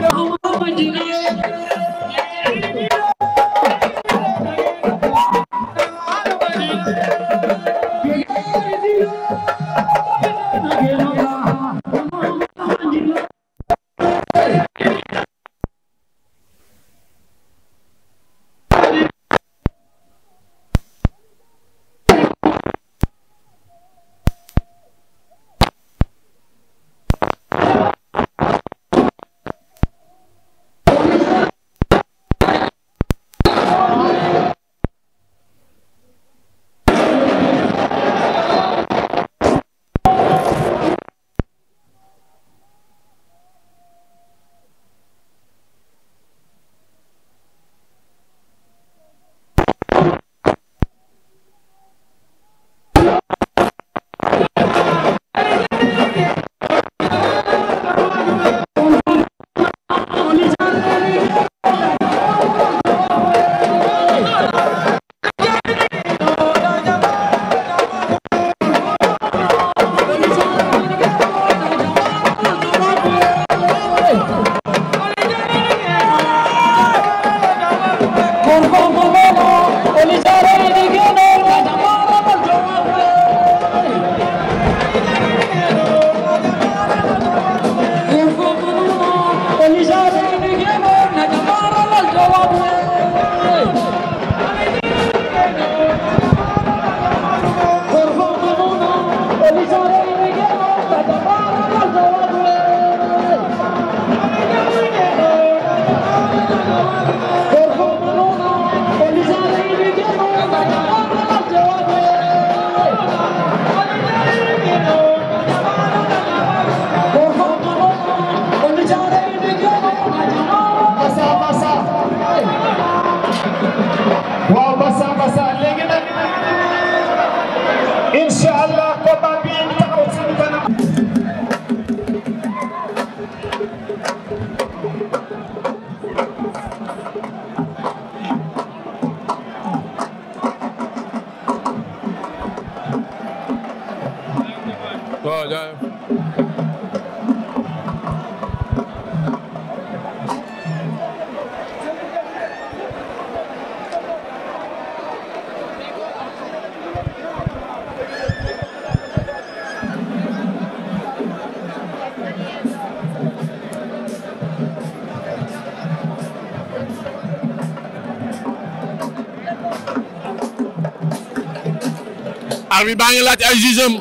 arbitre baa ngi laaj ay juge am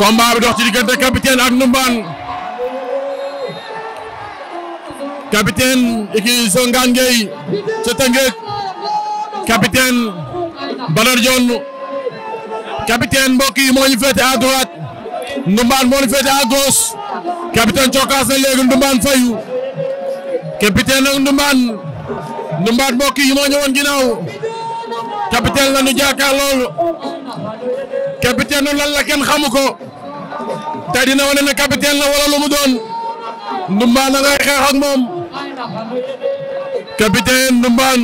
combat bi dox ci diggante capitaine ak Ndoumbane capitaine iki Songane Gueye ca Tëngéej capitaine Badar Dione capitaine mbokk yi moo ñu féete à droite Ndoumbane moo ñu cokaas na léegi Ndoumbane fayu capitaine ak Ndoumbane Ndoumbane mbokk yi moo ñëwoon ginnaaw capitaine la ñu jaakaar loolu capitaine la kenn xamu ko te dina wane lu mu doon Ndumbaan da ngay xeex ak moom capitaine Ndumbaan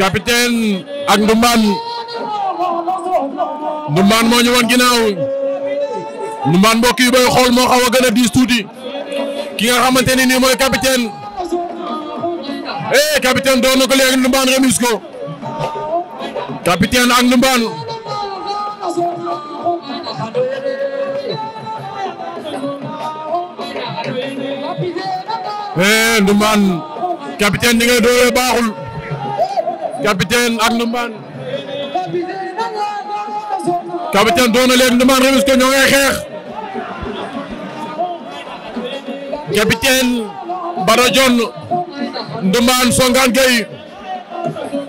capitaine ak Ndumbaan Ndumbaan moo ñu woon Ndoumbane mbokk yi bay xool moo xaw a gën a diis tuuti ki nga xamante ne nii mooy capitaine eh capitaine doon na ko léegi Ndoumbane remis ko capitaine ak Ndoumbane eh Ndoumbane baaxul capitaine ak Ndoumbane capitaine doon na léegi remis ko ñoo xeex. capitaine Bada Dione Ndoumbane Songane Gueye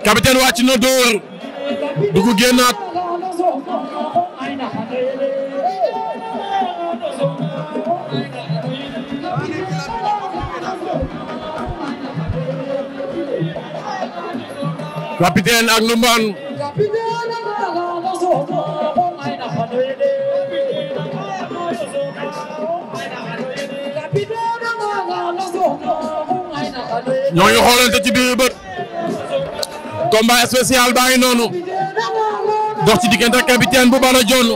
capitaine wàcc na dóor dugg génnaat capitaine ak Ndoumbane ñoo ngi xoolante ci biir bët combat spécial baa ngi noonu dox ci diggante capitaine bu Bala Dione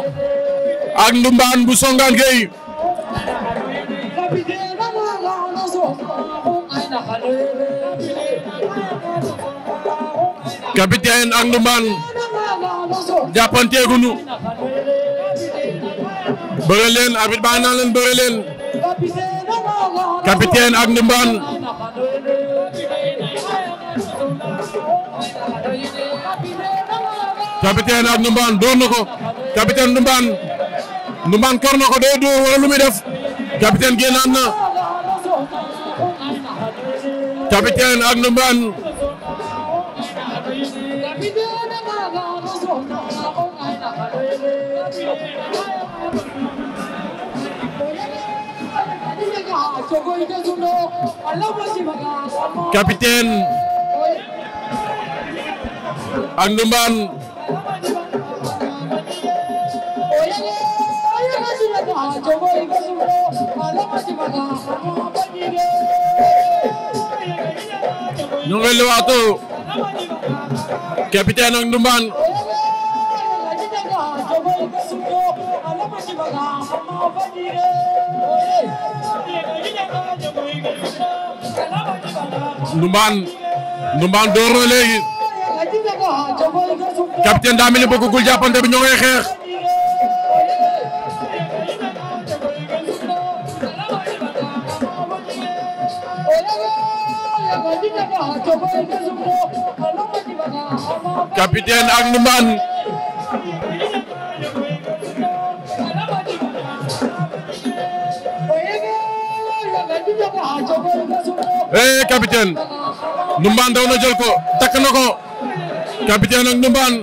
ak ndumbaan bu Songane Gueye capitaine ak ndumbaan jàppanteeguñu bëre leen baa naan leen bëre capitaine ak ndumbaan capitaine ak Ndoumbane dóor na ko capitaine Ndoumbane Ndoumbane na ko day dóor lu muy def capitaine génnaat capitaine ak Ndoumbane Jogoy basulo alama ci bana xama bajide ñu ngi liwaatu capitaine ak Ndumbaan Ndumbaan Ndumbaan door na léegi capitaine daa mel ni bëggul jàppante bi ñoo ngay xeex capitaine ak Ndoumbane eh capitaine Ndoumbane daw na jël ko takk na ko capitaine ak Ndoumbane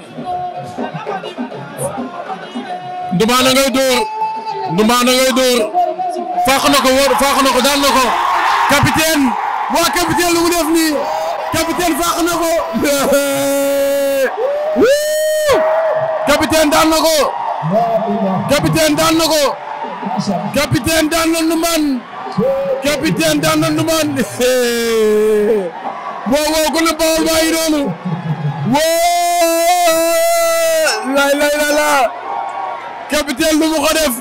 Ndoumbane ngay dóor Ndoumbane ngay dóor faax na ko wóor faax na ko daan na ko capitaine waa capitaine lu mu def nii capitaine fàq na ko capitaine daan daan na ko capitaine daan na Ndoumbane capitaine daan na Ndoumbane woo woo ku ne Bawol baa yi noonu woo lay lay la la capitaine lu def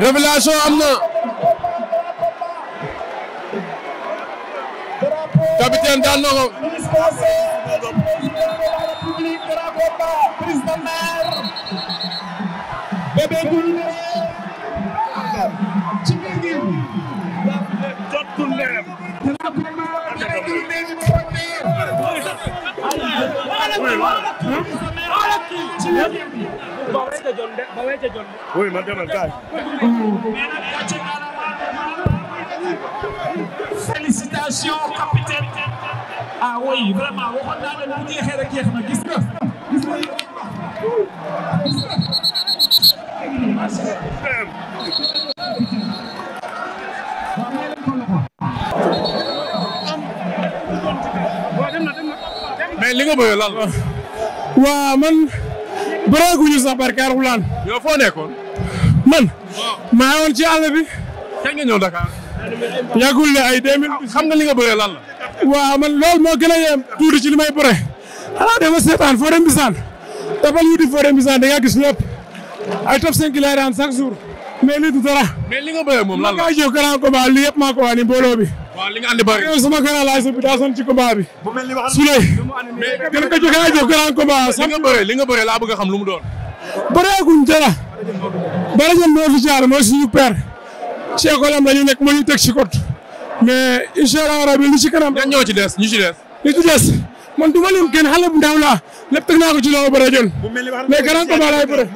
révélation am na capitaine daan na ko. Uy, mándame el cash. félicitations capitaine ah oui vraiment waxoon naa leen bu jeexee rek jeex na gis nga gis nga mais li nga bëgg lan la. waa man. bëreeguñu sax barke Alxuraan. yow foo nekkoon. man. maa woon ci àll bi. kañ nga ñëw Dakar. yàggul ne ay 2000 xam nga li nga bëree lan la. waaw man loolu moo gën a yem tuuti ci li may bëre xanaa dama seetaan foo bisaan dafal wuti foo bisaan da nga gis lépp ay top 5 lay daan chaque jour mais lii du dara. mais bëree moom lan la ma ngaa grand combat lii yëpp maa ci combat bi. bu mel ni wax su lay bëree li bëree laa bëgg a xam lu mu doon. bëreeguñ dara. bëri moo fi jaar mooy suñu père. ci école la ñu nekk moo ñu teg ci kot mais incha allah rabi li ci kanam. ñan ñoo ci des ñu ci des. li ci des man ma lim kenn xale bu ndaw laa lépp teg naa ko ci loolu ba rajo mais grand combat laay bëre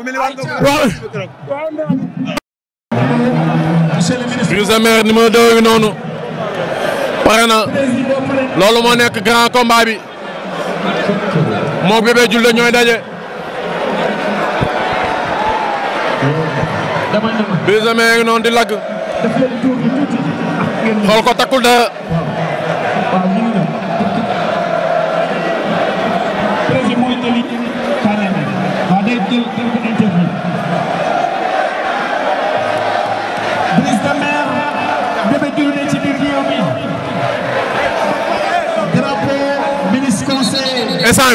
Brise de Mer numéro moo nekk grand combat bi moom ñooy daje. Brise de Mer noonu di lagg. xool ko takkul na instant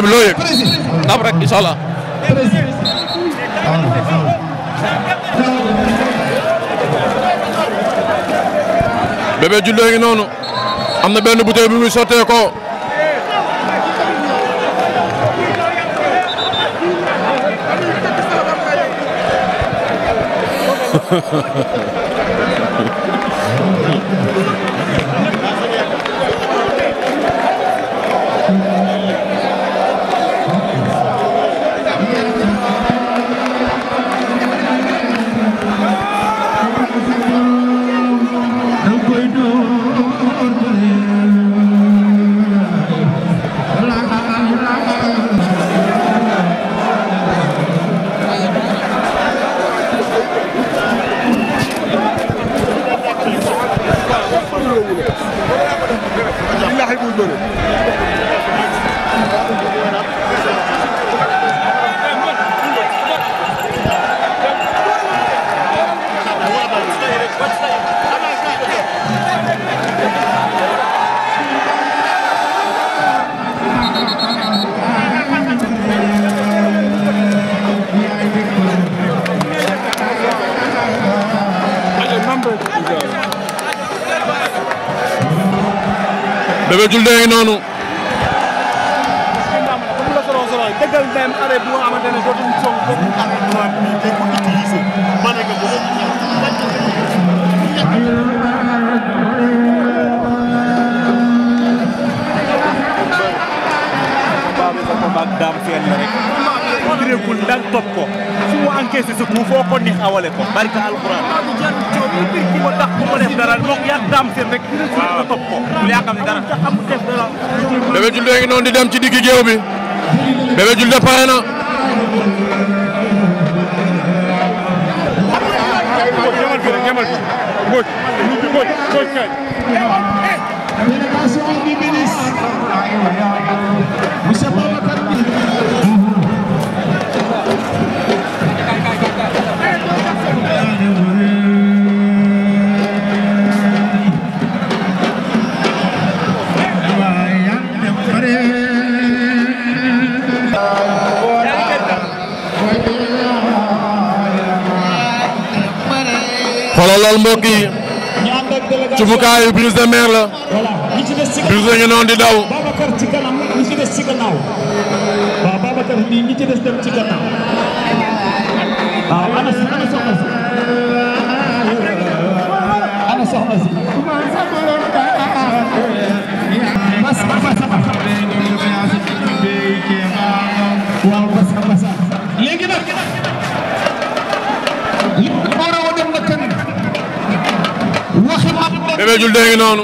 bi loo yëg ndam rek incha allah Bébé Diouldé ngi noonu am na benn bouteille bi muy sottee ko combat yi Brise de Mer la Brise ngi noonu di daw Souleydioul dégg noonu.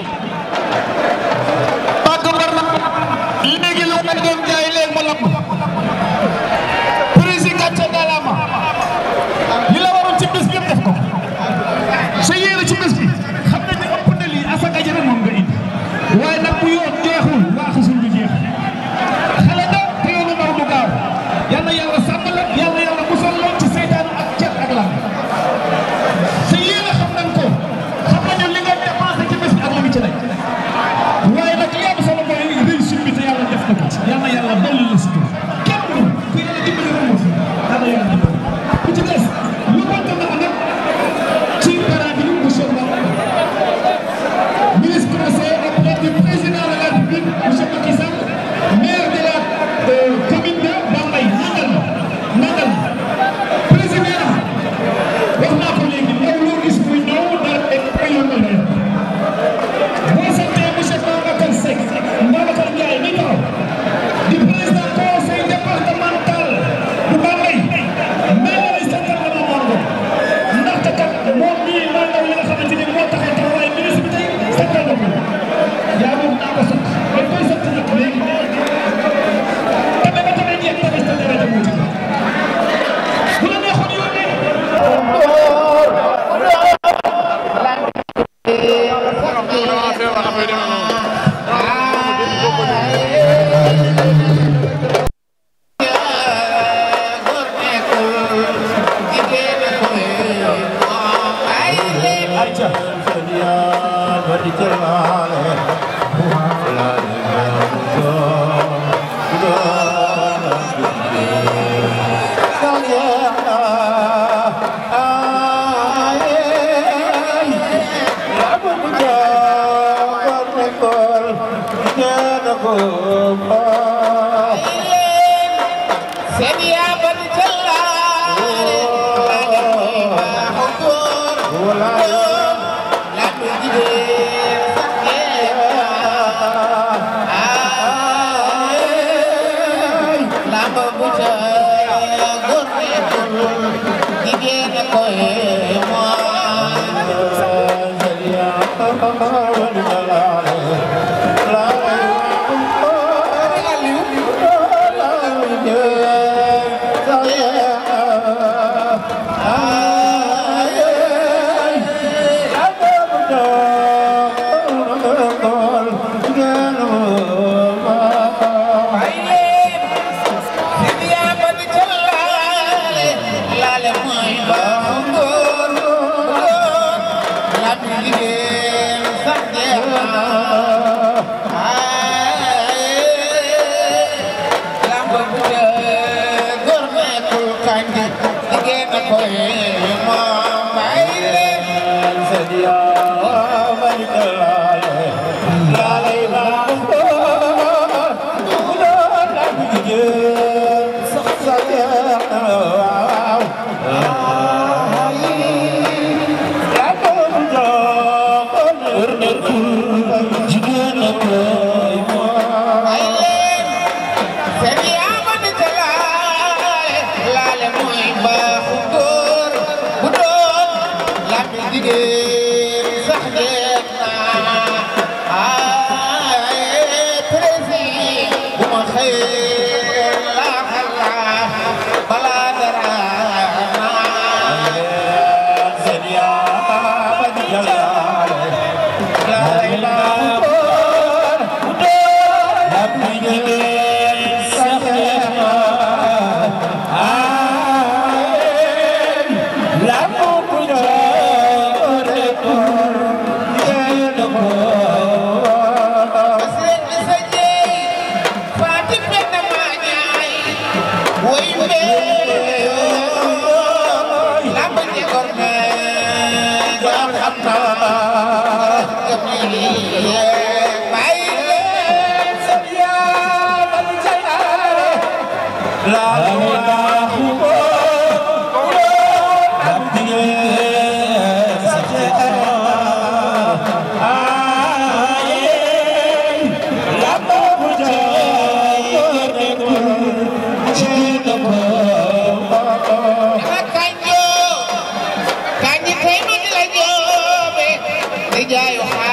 day jaayoo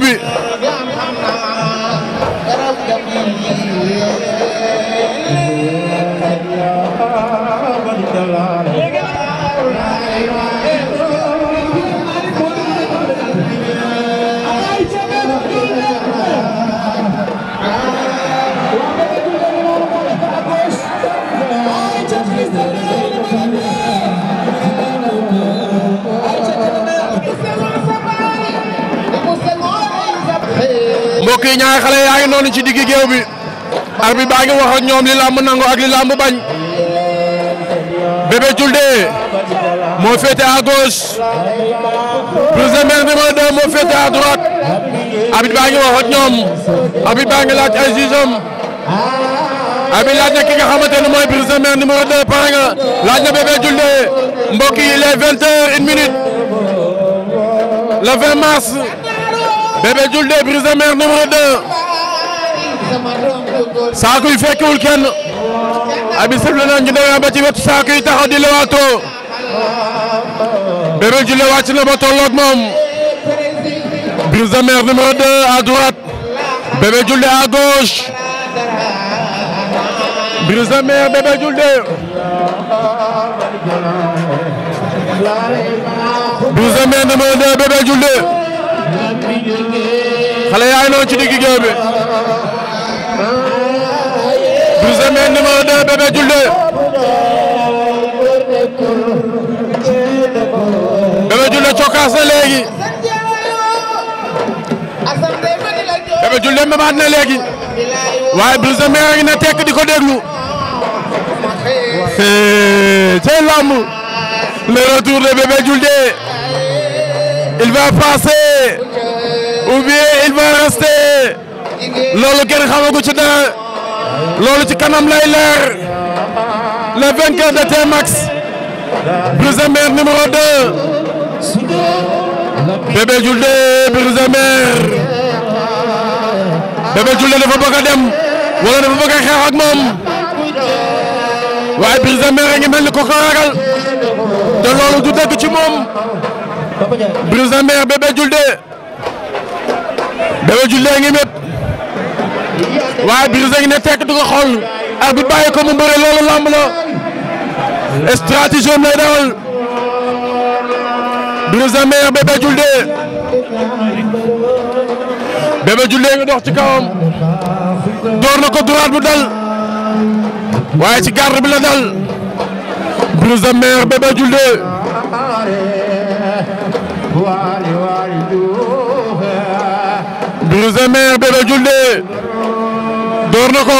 bi mbokk a ñaari xale yaa ngi noonu ci diggi géew bi arbitre baa ngi wax ñoom li làmb nangu ak li làmb bañ Bébé Diouldé moo féete à gauche Brise de Mer numéro moo féete à droite arbitre baa ngi wax ñoom arbitre baa ngi laaj ay jugeam arbitre laaj na ki nga xamante ne mooy Brise de Mer laaj na Bébé Diouldé mbokk yi il est heures une minute le 20 mars Bébé Diouldé Brise de Mer numéro 2 saako yi fekkiwul kenn abi sëble na ñu demee ba ci wetu saako yi taxaw di lewaatoo Bébé Diouldé wàcc na ba tolloog moom Brise de Mer xale yaay noonu ci digg géew bi Brise Mer numéro 2 Bébé Diouldé Bébé Diouldé cokkaas na tekk di ko déglu cey lamb le retour de Bébé Diouldé il va passer ou bien il va rester loolu ci dara loolu ci kanam lay leer de Tmax Brise Mer numéro 2 Bébé Diouldé Brise Mer Bébé Diouldé dafa bëgg a dem wala dafa bëgg a xeex moom waaye Brise Mer a ngi mel ni ko ko loolu du dëgg ci moom Brise Mer Bébé Diouldé Bébé Diouldé a ngi mét waaye Brise du ko xool arbitre bàyyi ko mu mbëre loolu lamb la stratégie am lay dawal Brise meilleur Bébé dox ci kawam door na ko droite bu dal waaye ci garde bi la dal Brise meilleur Bébé Diouldé Zeme Bébé Diouldé door na ko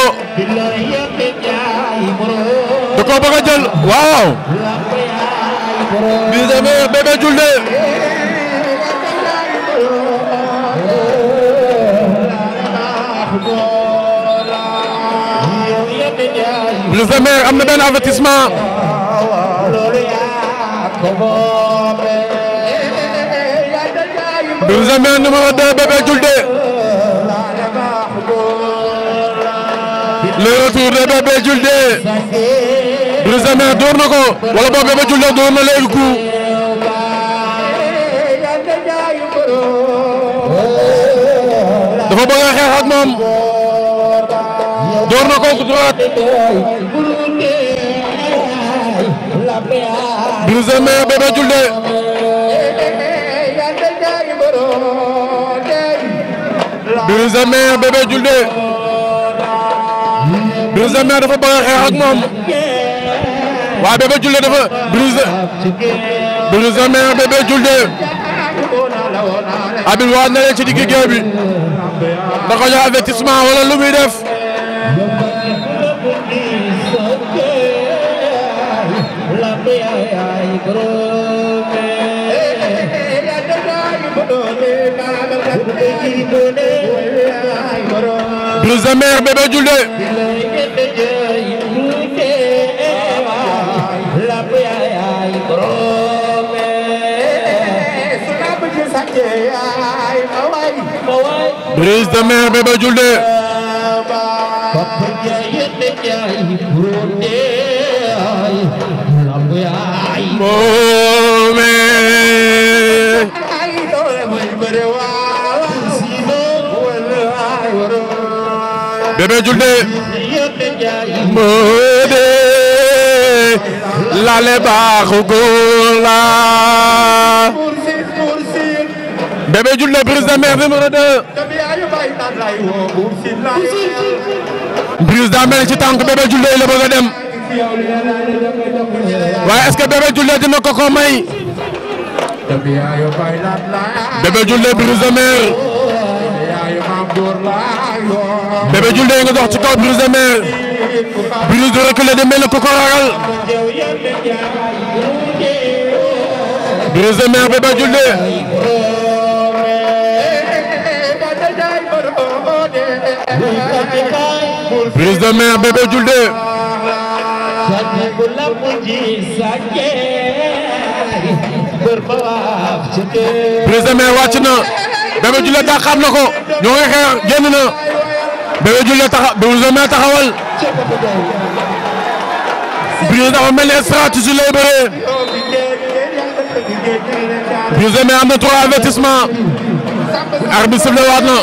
da koo bëgg a jël waaw bi Zeme Bébé Diouldé Brise de Mer am na benn avertissement Brise de Mer numéro 2 Bébé Diouldé le retour de Bébé Diouldé Brise de Mer door na ko wala boobu Bébé dafa bëgg a xeex ak moom door na ko ku droite Brise de Mer Bébé Brise de Mer dafa bëgg a xeex ak moom waaye Bébé Diouldé dafa Brise Brise de Mer Bébé Diouldé Habib waat na leen ci digg géew bi da ko jox avertissement wala lu muy def Brise de Mer Iba Julde brise de mer Iba Julde moome Bébé Diouldé moo de lale baaxu góor la Bébé Diouldé brise de mer numéro 2 brise ci tànk Bébé Diouldé la bëgg dem waaye est-ce que Bébé Diouldé dina ko ko may Bébé Diouldé nga dox ci kaw Brise de Mer Brise de reculé de mel na ko ko ragal Brise de Mer Bébé Diouldé Brise de Mer Bébé Diouldé Brise de Mer wàcc na Bébé Diouldé da na ko ñoo ngi xeex génn na Bébé Diouldé taxa Bébé Diouldé taxawal Brise dafa mel ne stratégie lay bëree Brise mais am na trois avertissement arbitre sifflé waat na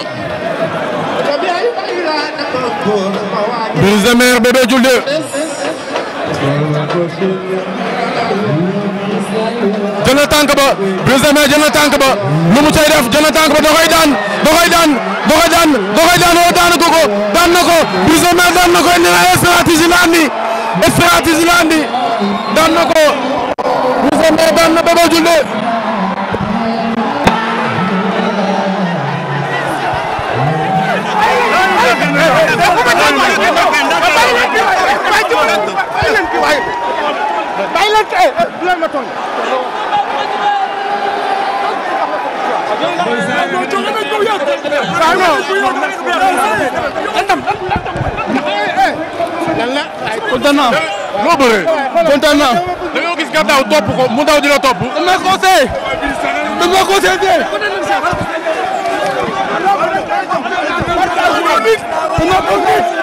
Brise Mer Bébé Diouldé jël na ba Brise de Mer jël ba lu mu cay def jël daan da koy daan Brise de Mer daan na ko indi na stratégie la andi Brise de Mer daan na Bébé Diouldé kontaan naa. loo bëree. kontaan naa. da nga gis nga daw topp ko mu daw dina topp. dañ ma conseillé. dañ ma conseillé tey. dañ ma conseillé.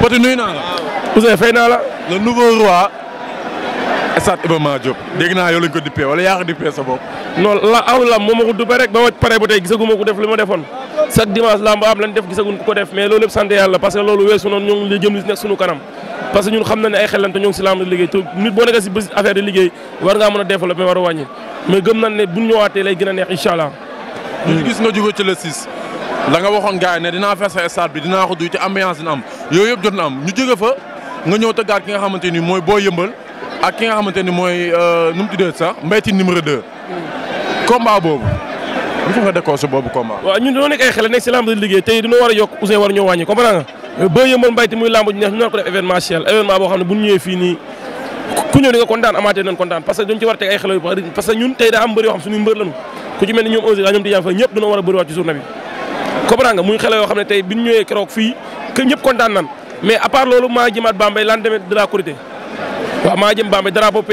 Petit nuyu naa la. Ousseyn fay naa la. le nouveau roi. Stade Iba dégg naa yow lañ ko dippee wala yaa ko dippee sa bopp. non la aw lam moo ma ko duppee rek ba ma pare ba tey gisaguma ko def li ma defoon chaque dimanche lamb am lañ def gisaguñ ko def mais loolu yëpp sant yàlla parce loolu weesu noonu ñoom jëm li nekk sunu kanam. parce que ñun xam na ne ay xel lañ te ñoo ngi si lamb liggéey te nit boo nekkee si bés affaire di liggéey war ngaa mën a développé war a wàññi mais gëm nañ ne bu ñu lay gën a neex incha allah. ñu gis nga jóge ci le 6 la nga waxoon gars yi ne dinaa fexe stade bi dinaa ko duy ci ambiance dina am yooyu yëpp jot na am ñu jóge fa nga ñëw tëggaat ki nga xamante ni mooy boo Yeumbeul ak ki nga xamante ni mooy euh, nu mu tuddee sax Mbaye Tine numéro 2. combat boobu. bu fa nga a yokk Ousseyn war ñoo Euh, ba yëmbal mbayti muy lamb neex ñu ne war a teg ay xel yu baax parce que a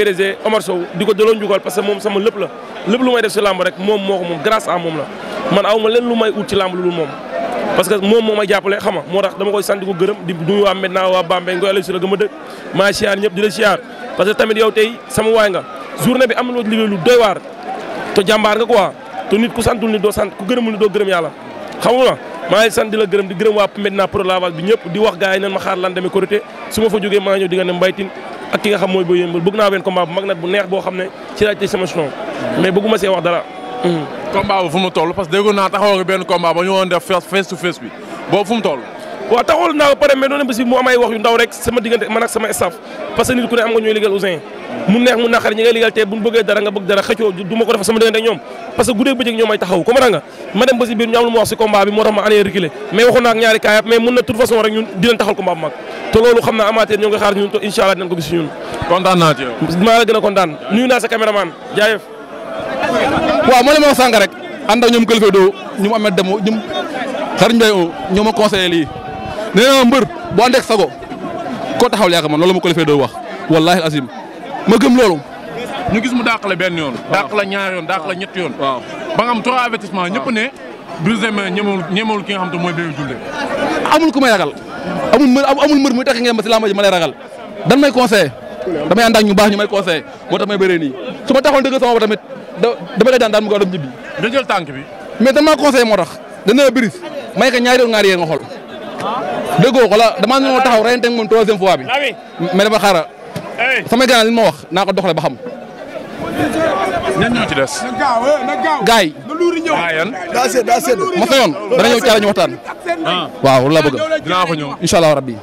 ko daloon jugal parce que moom sama lépp la lépp si lamb rek moom moo ko moom grâce à moom la man aw ma leen lu may ut ci lamb lu moom parce que moom moo ma jàppale xam nga moo tax dama koy sant ko gërëm di nuyu waa Medina waa Bambey Ngoy Alioune si la gëm a dëkk maa siyaar ñëpp nga journée bi am na lu doy waar te nga quoi te nit ku santul nit doo sant ku gërëmul nit doo gërëm yàlla xam nga maa ngi sant di la gërëm di gërëm waa Medina Pro Laval bi ñëpp di wax gars yi nan ma xaar lan demee Korité su ma ñëw di mbaytin ak ki nga xam mooy Boy Yeumbeul bëgg naa benn combat bu mag boo xam ne ci laaj combat bu fu mu toll parce que déggoon naa taxawoo nga benn combat ba bi boobu fu mu bi man ak sama staff ko def sama diggante ak taxaw comprends nga bi moo tax ma na toute te loolu ko gis ñun kontaan maa la gën a kontaan nuyu naa sa caméraman jaayëf waaw moo leen ma wax sànq rek ànd ak ñoom Kalifa Dóo ñu mu amee dem ñum xar Ndiaye oo ñoo ma conseillé lii nee a mbër boo ànd ak sago koo taxawal yaakaar man loolu ma Kalifa Dóo wax wallaahi asim ma gëm loolu. ñu gis mu dàq la benn yoon. waaw dàq la ñaar yoon dàq la ñetti yoon. waaw ba nga am trois avertissement ñëpp ne. Brise de Mer ñemewul ki nga xam te mooy Bébé Diouldé. amul ku may ragal amul mër amul mër muy takk ngeen ma si làmba ji ma lay ragal dan may conseillé damay ànd ak ñu baax ñu may conseillé moo tax may bëree ma taxoon ba tamit da dama koy daan daal mu gaaw dem ñibbi. nga jël tànk bi. mais damaa conseillé moo tax dana la brise may ko ñaari ngaari yéen nga xool ah. déggoo xola damaa ne ma taxaw ren teg moom troisième fois bi mais dafa xaaral sama gànnaar li ma wax naa ko doxalee ba xam. ñan ñoo ci des. Eh, gars yi. ah yan. daa sedd daa sedd. ma fayoon dana ñëw caala ñu waxtaan. Ah. waaw loolu laa bëgg. dinaa ko ñëw incha allah rabbi.